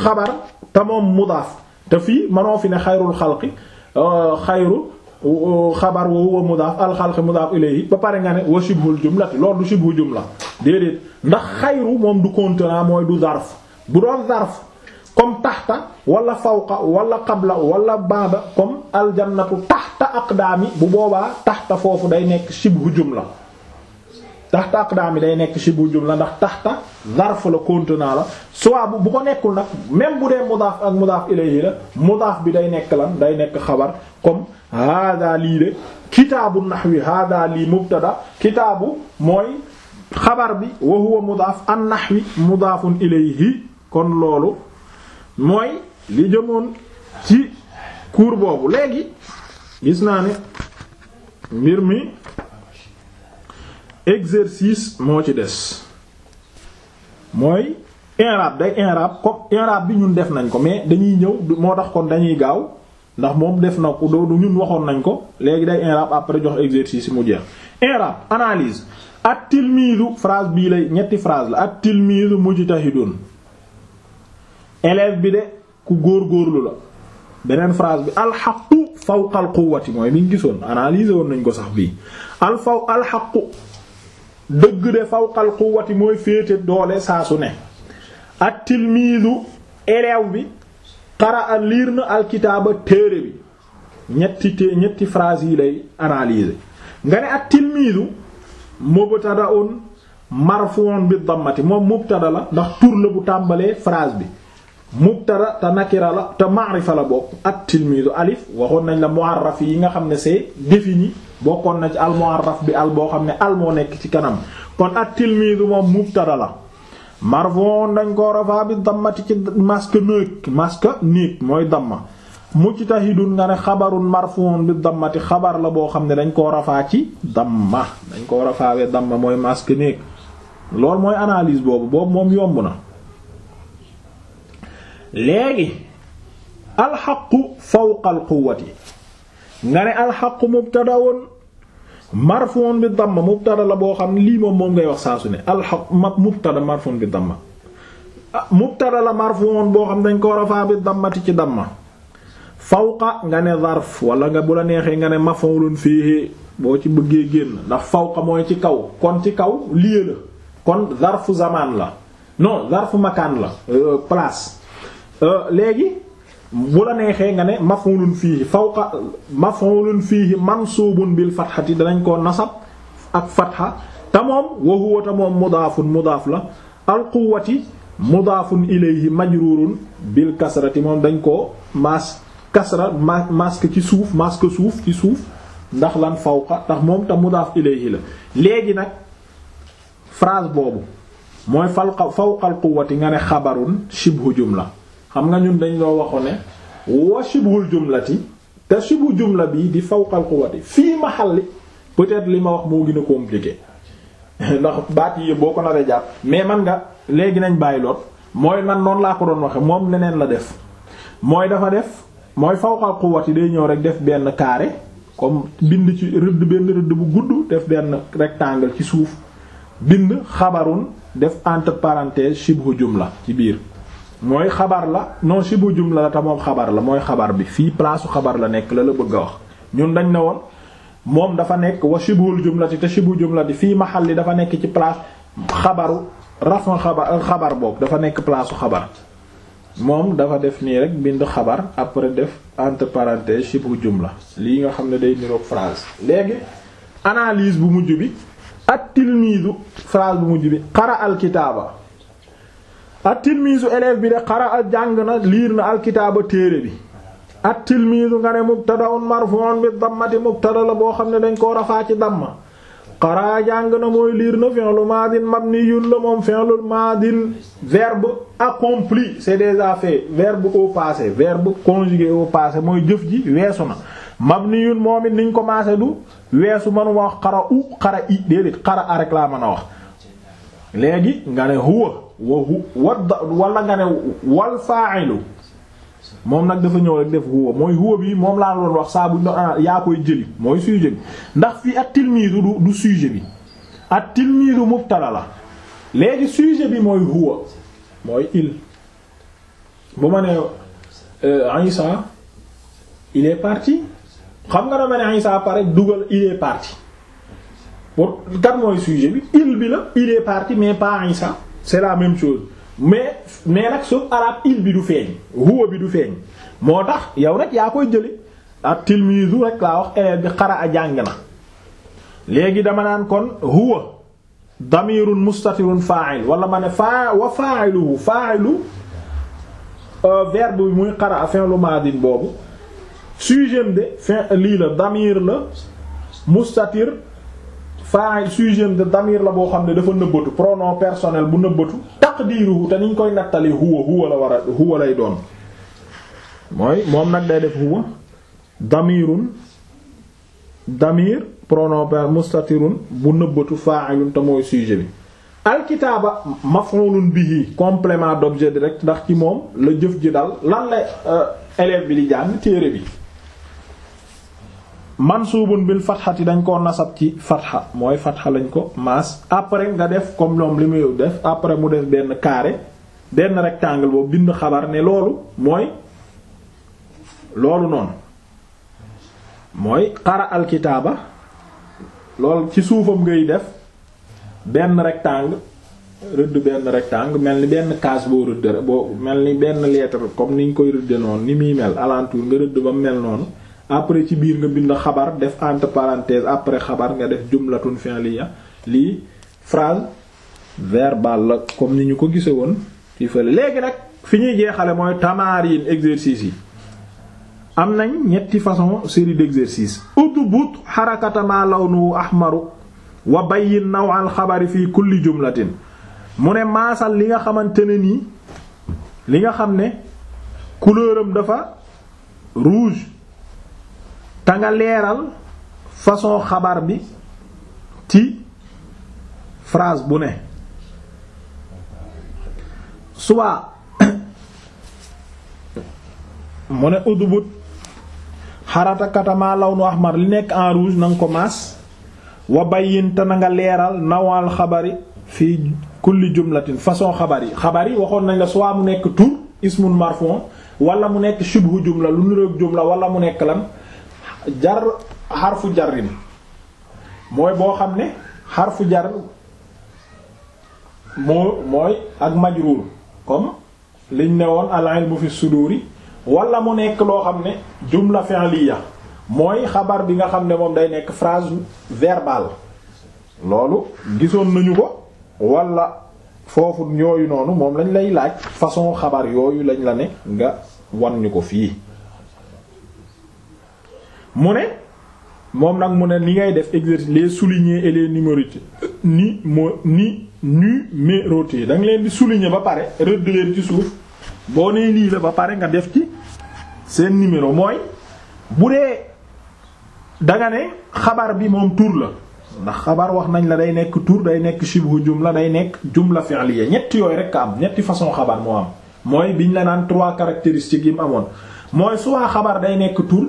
xabar te moom mudaaf te fii manoo fi ne xayrul xalqi euh, xayru euh, xabar wa huwa mudaaf alxalqi mudaaf ilayhi ba pare nga ne wa shibhul jumlati loolu du shibhu jumla déedéet ndax xayru moom du contenant mooy du zarf bu doon zarf comme taxta wala fawqa wala qabla wala baada comme aljannatu taxta aqdaami bu boobaa taxta foofu day nekk shibhu jumla taxta aqdaami day nekk shibhu jumla ndax taxta zarf la contenant la soit bu bu ko nekkul nag même bu dee mudaaf ak mudaaf ilayhi la mudaaf bi day nekk lan day nekk xabar comme hada lii de kitaabu nahwi hada lii mubtada kitaabu mooy xabar bi wa huwa mudaaf an nahwi mudaafun ilayhi kon loolu mooy li jëmoon ci cours boobu léegi gis naa ni mbir mi exercice moo ci des mooy inrab day inrab comme inrab bi ñun def nañ ko mais dañuy ñëw moo tax kon dañuy gaaw ndax moom def na ko doodu ñun waxoon nañ ko léegi day inrab après jox exercice mu jeex inrab analyse at tilmiidu phrase bii lay ñetti frase la at tilmiidu mujtahidun élève bi de ku góor góorgóorlu la beneen phrase bi alxaqu fawqa al mooy bi gisoon analyser woon nañ ko sax bii al alxaqu dëgg de fawqa al mooy féete doole saa su ne ak tilmiidu élève bi qara'a liir na alkitaaba téere bi ñetti té yi lay analyser nga ne ak tilmiidu mubtada'un marfu'un bi dammati moom mubtada la ndax tur la bu tàmbalee phrase bi mubtada te nakira la te maarifa la boo at tilmiidu alif waxoon nañ la muarraf yi nga xam ne c'est défini bokkoon na ci al muarraf bi al boo xam ne al moo nekk ci kanam kon ak tilmiidu moom mubtada la marfon dañ koo rafa bi dammati ci maska néeg maska néeg mooy damma mujtahidun nga ne xabaru marfon bi dammati xabar la boo xam ne dañ koo rafaa ci damma dañ koo rafaawee dama mooy maska néeg loolu mooy analyse boobu boobu moom yomb na léegi alxaqu fawqa alquwati nga ne alxaqu mubtadaun marfuun bi damma mubtada la boo xam ne lii moom moom ngay wax saasu ne alxaq mubtada marfuun bi damma ah, mubtada la marfuun boo xam dañ ko rafaa bi dammati ci dama fawqa nga ne zarf wala nga bu la neexee nga ne maf'ulun fihi boo ci bëggee génn ndax fawqa mooy ci kaw kon ci kaw lieu la kon zarfu zamaan la non zarfu makaan la euh, place Euh, léegi bu la neexee nga ne maf'ulun fiihi fawqa maf'ulun fiihi mansuubun bil fatxati danañ koo nasab ak fatxa te moom wa huwa te moom mudaafun mudaaf la al quwwati mudaafun ilayhi majruurun bil kasrati moom dañ koo maas kasra ma ci suuf masque suuf ci suuf ndax lan fawqa ndax moom te mudaaf ilayhi la léegi nag phrase boobu mooy fawqa fawqa al quwwati nga ne xabarun shibhu jumla xam nga ñun dañu loo waxoon ne wa shibhul jumlati te shibhu jumla bii di fawqal quwwati fii mahalli peut-être li ma wax moo gën a compliqué ndax baat yi boo ko nar a jàpp mais man nga léegi nañ bàyyi lool mooy nan noonu laa ko doon waxe moom leneen la def mooy dafa def mooy fawqal quwwati day ñëw rek def benn carré comme bind ci rëdd benn rëdd bu gudd def benn rectangle ci suuf bind xabarul def entre parenthèse shibhu jumla ci biir mooy xabar la non si bu jumla la te moom xabar la mooy xabar bi fii place xabar la nekk la la bëgg a wax ñun dañ ne woon moom dafa nekk wa shibhul jumlati te shibhul jumlati fii li dafa nekk ci place xabaru rafa xabar xabar boobu dafa nekk place xabar moom dafa def nii rek bind xabar après def entre parenthèses shibhul jumla lii nga xam ne day niroog phrase léegi analyse bu mujj bi ak tilmiidu phrase bu mujj bi qara alkitaaba at-tilmiizu élève bi de xara a jàng na liir na alkitaaba téere bi at-tilmiizu nga ne mubtada'un marfu'un bi dammati mubtada la boo xam ne dañ koo rafaa ci damma xaraa jàng na mooy liir na fi'lu maadin mabniyun la moom fi'lu maadin verbe accompli c'est déjà fait verbe au passé verbe conjugué au passé mooy jëf ji weesu na mabniyun moom it niñ commencé du weesu mënuma wax xara u xara i déedéet xara a rek laa mën a wax léegi nga ne wahu wadda wala nga ne wal fa'ilu moom nag dafa ñëw rek def huwa mooy huwa bi moom laa doon wax saabu bu ñu yaa koy jëli mooy sujet bi ndax fii at tilmiidu du du sujet bi at tilmiidu mubtala la léegi sujet bi mooy huwa mooy il bu ma nee euh, Aïssa il est xam nga dama ne Aïssa pare dugal il est parti pour kat mooy sujet bi il bi la il est parti mais pas Aïssa c'est la même chose mais mais nag suuf arab il bi du feeñ huwa bi du feeñ moo tax yow rek yaa koy jële ak tilmizu rek laa wax élève bi xara a jàng na léegi dama naan kon huwa damirun mustatirun fa'il wala ma ne fa wa fa'iluhu fa'ilu euh, verbe bi muy xara a fi'lu madin boobu sujet de fin lii la damir la mustatir fa'il sujet de damir la boo xam ne dafa nëbbatu pronom personnel bu nëbbatu taqdiruhu te niñ koy nattali huwa huwa la war a huwa lay doon mooy moom nag day def huwa damirun damir pronom mustatirun bu nëbbatu fa'ilun te mooy sujet bi alkitaaba maf'ulun bihi complément d'objet direct ndax ci moom la jëf ji dal lan la euh, élève bi di jàng téere bi man mansuubun bil fatxati dañ koo nasab ci fatxa mooy fatxa lañ ko maas après nga def comme loom li muy def après mu def benn carré benn rectangle boobu bind xabar ne loolu mooy noonu mooy xara alkitaaba ci suufam ngay def benn rectangle rëdd benn rectangle mel ni benn kaas boo rëdd boo mel ni benn lettre comme ñu koy rëdde noonu ni muy mel alentour nga rëdd ba mu mel noonu après ci biir nga bind xabar def entre après xabar nga def jumlatun fi'liya lii phrase verbale la comme ni ñu ko gise woon ci léegi nag fi ñuy jeexale mooy tamarin exercice yi am nañ ñetti façon série d'exercice udbut xarakata ma lawnu ahmaru wa bayyin naw'al xabari fii kulli jumlatin mu ne maasal li nga xamante ne nii li nga xam ne couleuram dafa rouge te nga leeral façon xabar bi ci frase bu ne soit mu ne udubut xaratakatamaa law nu ahmar li nekk en rouge na nga ko maas wa bayyin te na nga leeral nawal xabari fii kulli jumlatin façon xabar yi xabari waxoon nañ la soit mu nekk tur ismun marfon wala mu nekk shibhu jumla lu niroog jumla wala mu nekk lan jar xarfu jarin mooy boo xam ne xarfu jar moo mooy ak majruur comme liñ ne woon al ilmu fi suduri wala mu nekk loo xam ne jumla fi'liya mooy xabar bi nga xam ne moom day nekk phrase verbale loolu gisoon nañu ko wala foofu yooyu noonu moom lañ lay laaj façon xabar yooyu lañ la ne nga wan ñu ko fii mu ne moom nag mu ne ni ngay def exercice les souligner et les numéroter ni mo ni numéroter da nga leen di souligner ba pare rëdd leen ci suuf boo nee lii la ba pare nga def ci seen numéro mooy bu dee danga ne xabaar bi moom tur la ndax xabaar wax nañ la day nekk tur day nekk shibhu la day nekk la jumla fi'liya ñetti yooyu rek am ñetti façon xabar moo am mooy biñ la naan trois caractéristiques yi mu amoon mooy soit xabar day nekk tur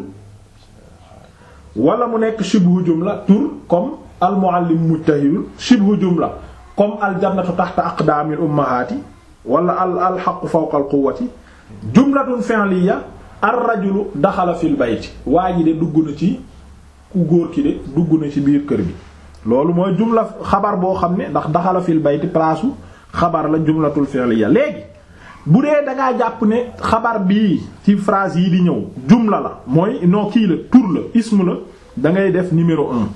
wala mu nekk shibhu jumla tur comme al muallim mujtahid shibhu jumla comme al jannatu tahta aqdamil ummahati wala al al haqqu fawqa al quwwati jumlatun daxala fil bayt waa ji de dugg na ci ku góor ki de dugg na ci biir kër bi loolu mooy jumla xabar boo xam ne ndax daxala fil bayt place xabar la jumlatul fi'liya léegi bu dee dangaa jàpp ne xabaar bii ci frase yi di ñëw jumla la mooy non kii la tur la ismu la da ngay def numéro un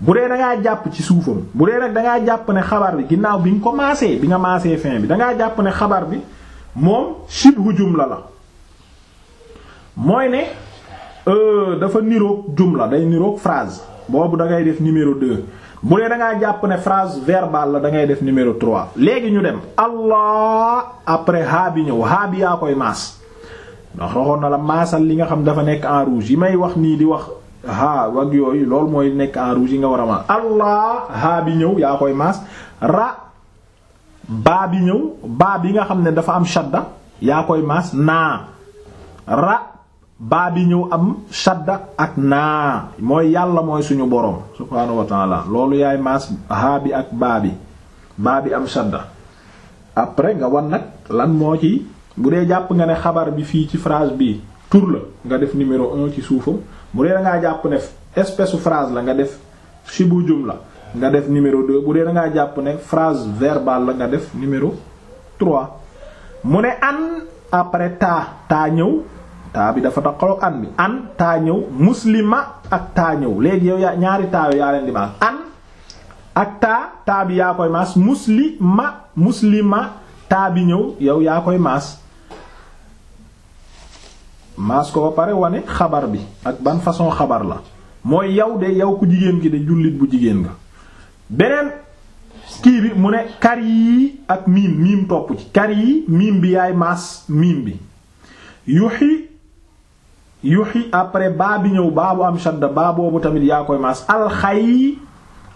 bu dee da jàpp ci suufam bu dee nag da jàpp ne xabar bi ginnaaw bi nga ko maasee bi nga maasee fin bi dangaa jàpp ne xabaar bi moom shibhu jumla la mooy ne euh, dafa niroog jumla day niroog frase boobu da ngay def numéro deux bu dee da ngaa jàpp ne phrase verbale la da ngay def numéro 3 léegi ñu dem allah après haa bi ñëw haa yaa koy maas ndax na la maasal li nga xam dafa nekk en rouge yi may wax nii di wax haa wag yooyu loolu mooy nekk en rouge yi nga war a maas allah haa bi ñëw yaa koy maas ra baa bi ñëw baa bi nga xam ne dafa am shadda yaa koy maas naa ra baa bi ñëw am shadda ak naa mooy yàlla mooy suñu boroom subhaanahu wa loolu yaay maas haa bi ak baa bi baa bi am shadda après nga wan nag lan moo ci bu dee jàpp nga ne xabar bi fii ci phrase bi tur la nga def numéro un ci suufam bu dee da ngaa jàpp ne espèce phrase la nga def shibu la nga def numéro deux bu dee da ngaa jàpp ne phrase verbale la nga def numéro trois mu ne an après taa taa ñëw taa bi dafa taqaloog an bi an taa ñëw muslima ak taa ñëw léegi yow yaa ñaari taa yoo yaa leen di maas an ak taa taa bi yaa koy maas muslima muslima taa bi ñëw yow yaa koy maas maas ko ba pare wane xabar bi ak ban façon xabar la mooy yow de yow ku jigéen gi de jullit bu jigéen nga beneen kii bi mu ne kar yii ak miim miim topp ci kar yii miim bi yaay maas miim bi yuxi yuxi après baa bi ñëw baa bu am shadda baa boobu tamit yaa koy maas alxay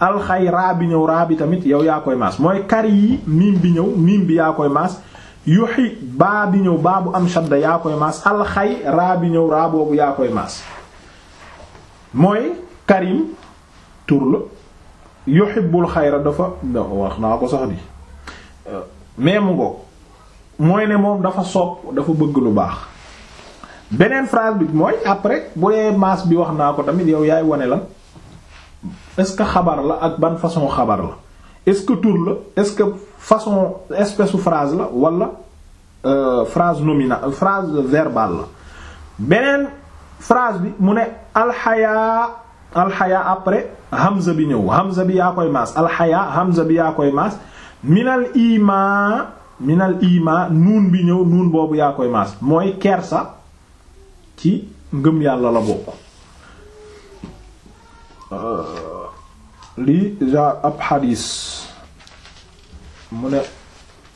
alxay raa bi ñëw raa bi tamit yow yaa koy maas mooy kar yi miim bi ñëw miim bi yaa koy maas ñëw bu am shadda yaa koy ñëw raa boobu yaa koy maas mooy karim tur la yuhibbul xayra dafa wax naa ko sax di euh, mais mu mooy ne moom dafa sopp dafa bëgg lu baax beneen phrase bi mooy après bu dee bi wax naa ko tamit yow yaay wane lan est-ce que xabar la ak ban façon xabar est-ce que tur la est-ce que façon espèce su phrase la wala euh, phrase nominale phrase verbale la beneen phrase bi mu ne alxayaa alxayaa après hamza bi ñëw hamza bi yaa koy maas alxayaa hamza bi yaa koy maas minal iman minal iman nuun bi ñëw nuun boobu yaa koy maas mooy kersa ci ngëm yàlla la bokk euh, li genre ab xadiis mu ne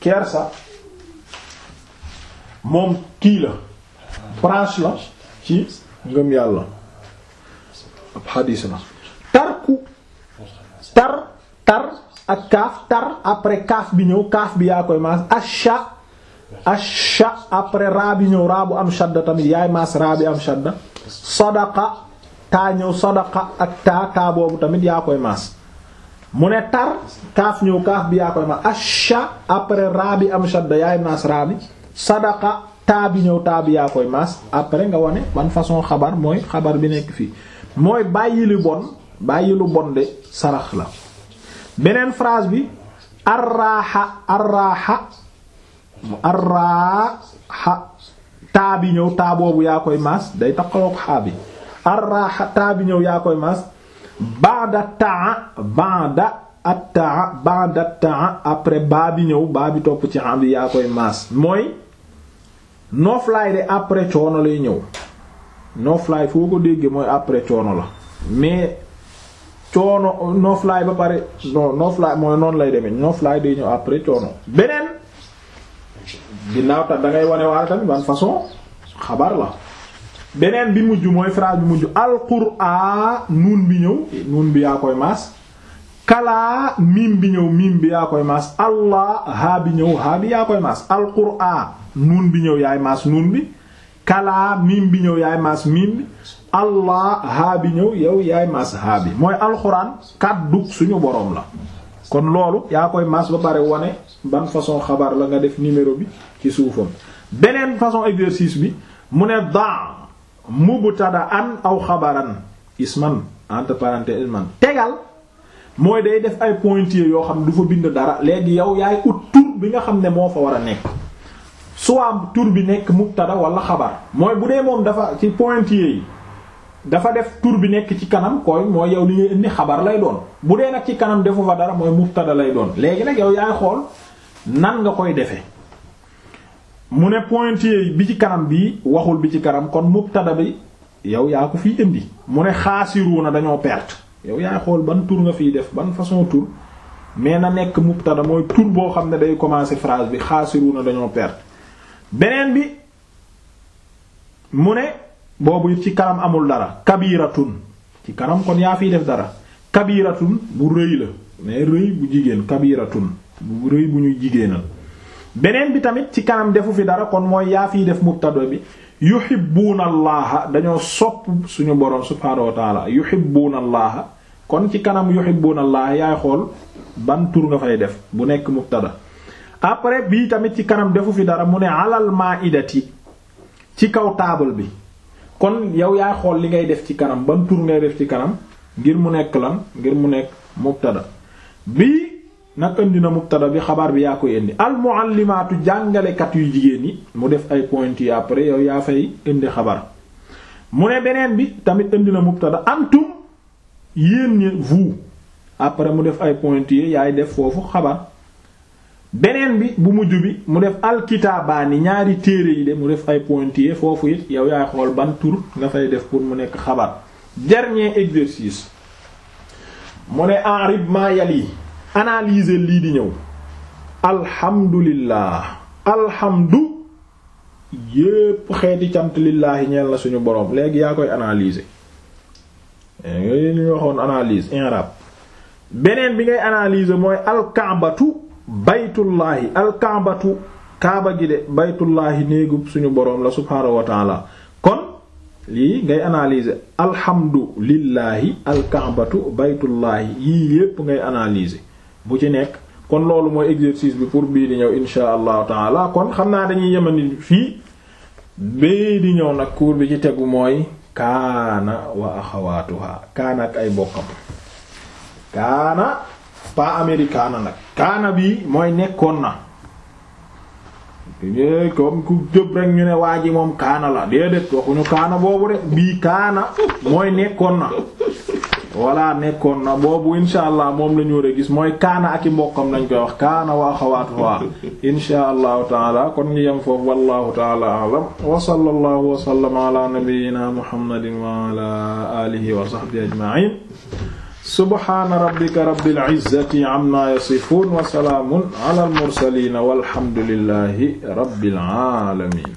kersa moom kii la branche la ci ngëm yàlla ab xadiis la tarku tar tar ak kaaf tar après kaaf bi ñëw kaaf bi yaa koy maas asha asha après raa bi ñëw raa bu am shadda tamit yaay maas raa bi am shadda sadaqa taa ñëw sadaqa ak taa taa boobu tamit yaa koy maas mu ne tar kaaf ñëw kaaf bi yaa koy maas après raa am shadda yaay maas raa bi sadaqa taa bi ñëw taa bi yaa koy maas après nga wane ban façon xabar mooy xabar bi nekk fii mooy bàyyi lu bon bàyyi bon de sarax la beneen phrase bi arraaxa arraaxa arraa xa taa bi ñëw taa boobu yaa koy maas day taxawook xaa bi arraa xa taa ñëw yaa koy maas baada taa baada ataa baada taa après baa bi ñëw baa bi topp ci am bi yaa koy maas mooy nooflaay de après coono lay ñëw nooflaay foo ko déggee mooy après coono la mais coono nooflaay ba pare non nooflaay mooy noonu lay demee nooflaay day ñëw après coono beneen ginnaaw tax da ngay wane waale tamit ban façon xabar la beneen bi mujj mooy phrase bi mujj alquran nuun bi ñëw nuun bi yaa koy maas kalaa miim bi ñëw miim bi yaa koy maas allah haa bi ñëw haa bi yaa koy maas bi ñëw yaay maas nuun bi kalaa miim bi ñëw yaay maas miim allah haa bi ñëw yow yaay maas haa bi mooy alxuraan kàddu suñu boroom la kon loolu yaa koy maas ba pare wane ban façon xabaar la nga def numéro bi ci suufam beneen façon exercice bi mu ne da mubtada an aw xabaran isman entre parenthèses isman tegal mooy day def ay pointillés yoo xam ne du fa bind dara léegi yow yaay ut tur bi nga xam ne moo fa war a nekk soit tur bi nekk mubtada wala xabar mooy bu dee moom dafa ci pointillés yi dafa def tur bi nekk ci kanam koy mooy yow li ngay indi xabar lay doon bu dee nag ci kanam defu fa dara mooy mubtada lay doon léegi nag yow yaay xool nan nga koy defee mu ne pointier bi ci kanam bii waxul bi ci kanam kon mubtada bi yow yaa ko fiy indi mu ne na dañoo perte yow yaay xool ban tur nga fiy def ban façon tur mais na nekk mubtada mooy tur boo xam ne day commencer phrase bi na dañoo perte beneen bi mu ne boobu ci kanam amul dara kabiratun ci kanam kon yaa fiy def dara kabiratun bu rëy la mais rëy bu jigéen kabiratun bu rëy bu ñuy jigéenal beneen bi tamit ci kanam defu fi dara kon mooy yaa fiy def mubtada bi yu yuhibbuuna allaha dañoo sopp suñu boroom subhaanahu wa taala yuhibbuuna allaha kon ci kanam yuhibbuuna allaha yaay xool ban tur nga fay def bu nekk mubtada après bii tamit ci kanam defu fi dara mu ne alal maa'idati ci kaw taabal bi kon yow yaay xool li ngay def ci kanam ban tur ngay def ci kanam ngir mu nekk lan ngir mu nekk mubtada bi nag indi na mubtada bi xabaar bi yaa koy indi al muallimaatu jàngalekat yu jigéen yi mu def ay point yi après yow yaa fay indi xabar mu ne beneen bi tamit indi na mubtada antum yéen ñi après mu def ay point yi yaay def foofu xabar beneen bi bu mujj bi mu def alkitaabaani ñaari téere yi de mu def ay pointillés foofu it yow yaay xool bantur nga fay def pour mu nekk xabar dernier exercice mu ne arib ma analyser lii di ñëw alhamdulillah alhamdu yépp xeeti cant lillaahi ñeel la suñu borom léegi yaa koy analyser ñu waxoon analyse inrab beneen bi ngay analyser mooy alkaabatu baytullaahi alkaabatu kaaba gi de baytullaahi néegub suñu borom la subhaanahu wa taala kon lii ngay analyser alhamdu lillaahi alkaabatu baytullaahi yii yépp ngay analyser bu ci nekk kon loolu mooy exercice bi pour bii di ñëw insha allahu taala kon xam naa dañuy yemani fii bii di ñëw nag cours bi ci tegu mooy kaana wa axawaatuha kaana ak ay bokkam kaana pas américaana nag kaana bi mooy nekkoon na eh, comme ku jëb rek ñu ne waa ji moom kaana la déedéet waxuñu kaana boobu rek bii kaana mooy nekkoon na walla nekkoon na boobu insha allah moom la ñu war a gis mooy kaana ak i mbokkam lañ koy wax kaana wa axawaatuha insha allahu taala kon ñu yem foofu wallahu taala alam wa sallallahu wa sallama ala nabiyyina muhammadin wa ala alihi wa sahbihi ajma'in subhana rabbika rabbil izzati amma yasifun wa salaamun ala al mursalin walhamdulillahi rabbil alamin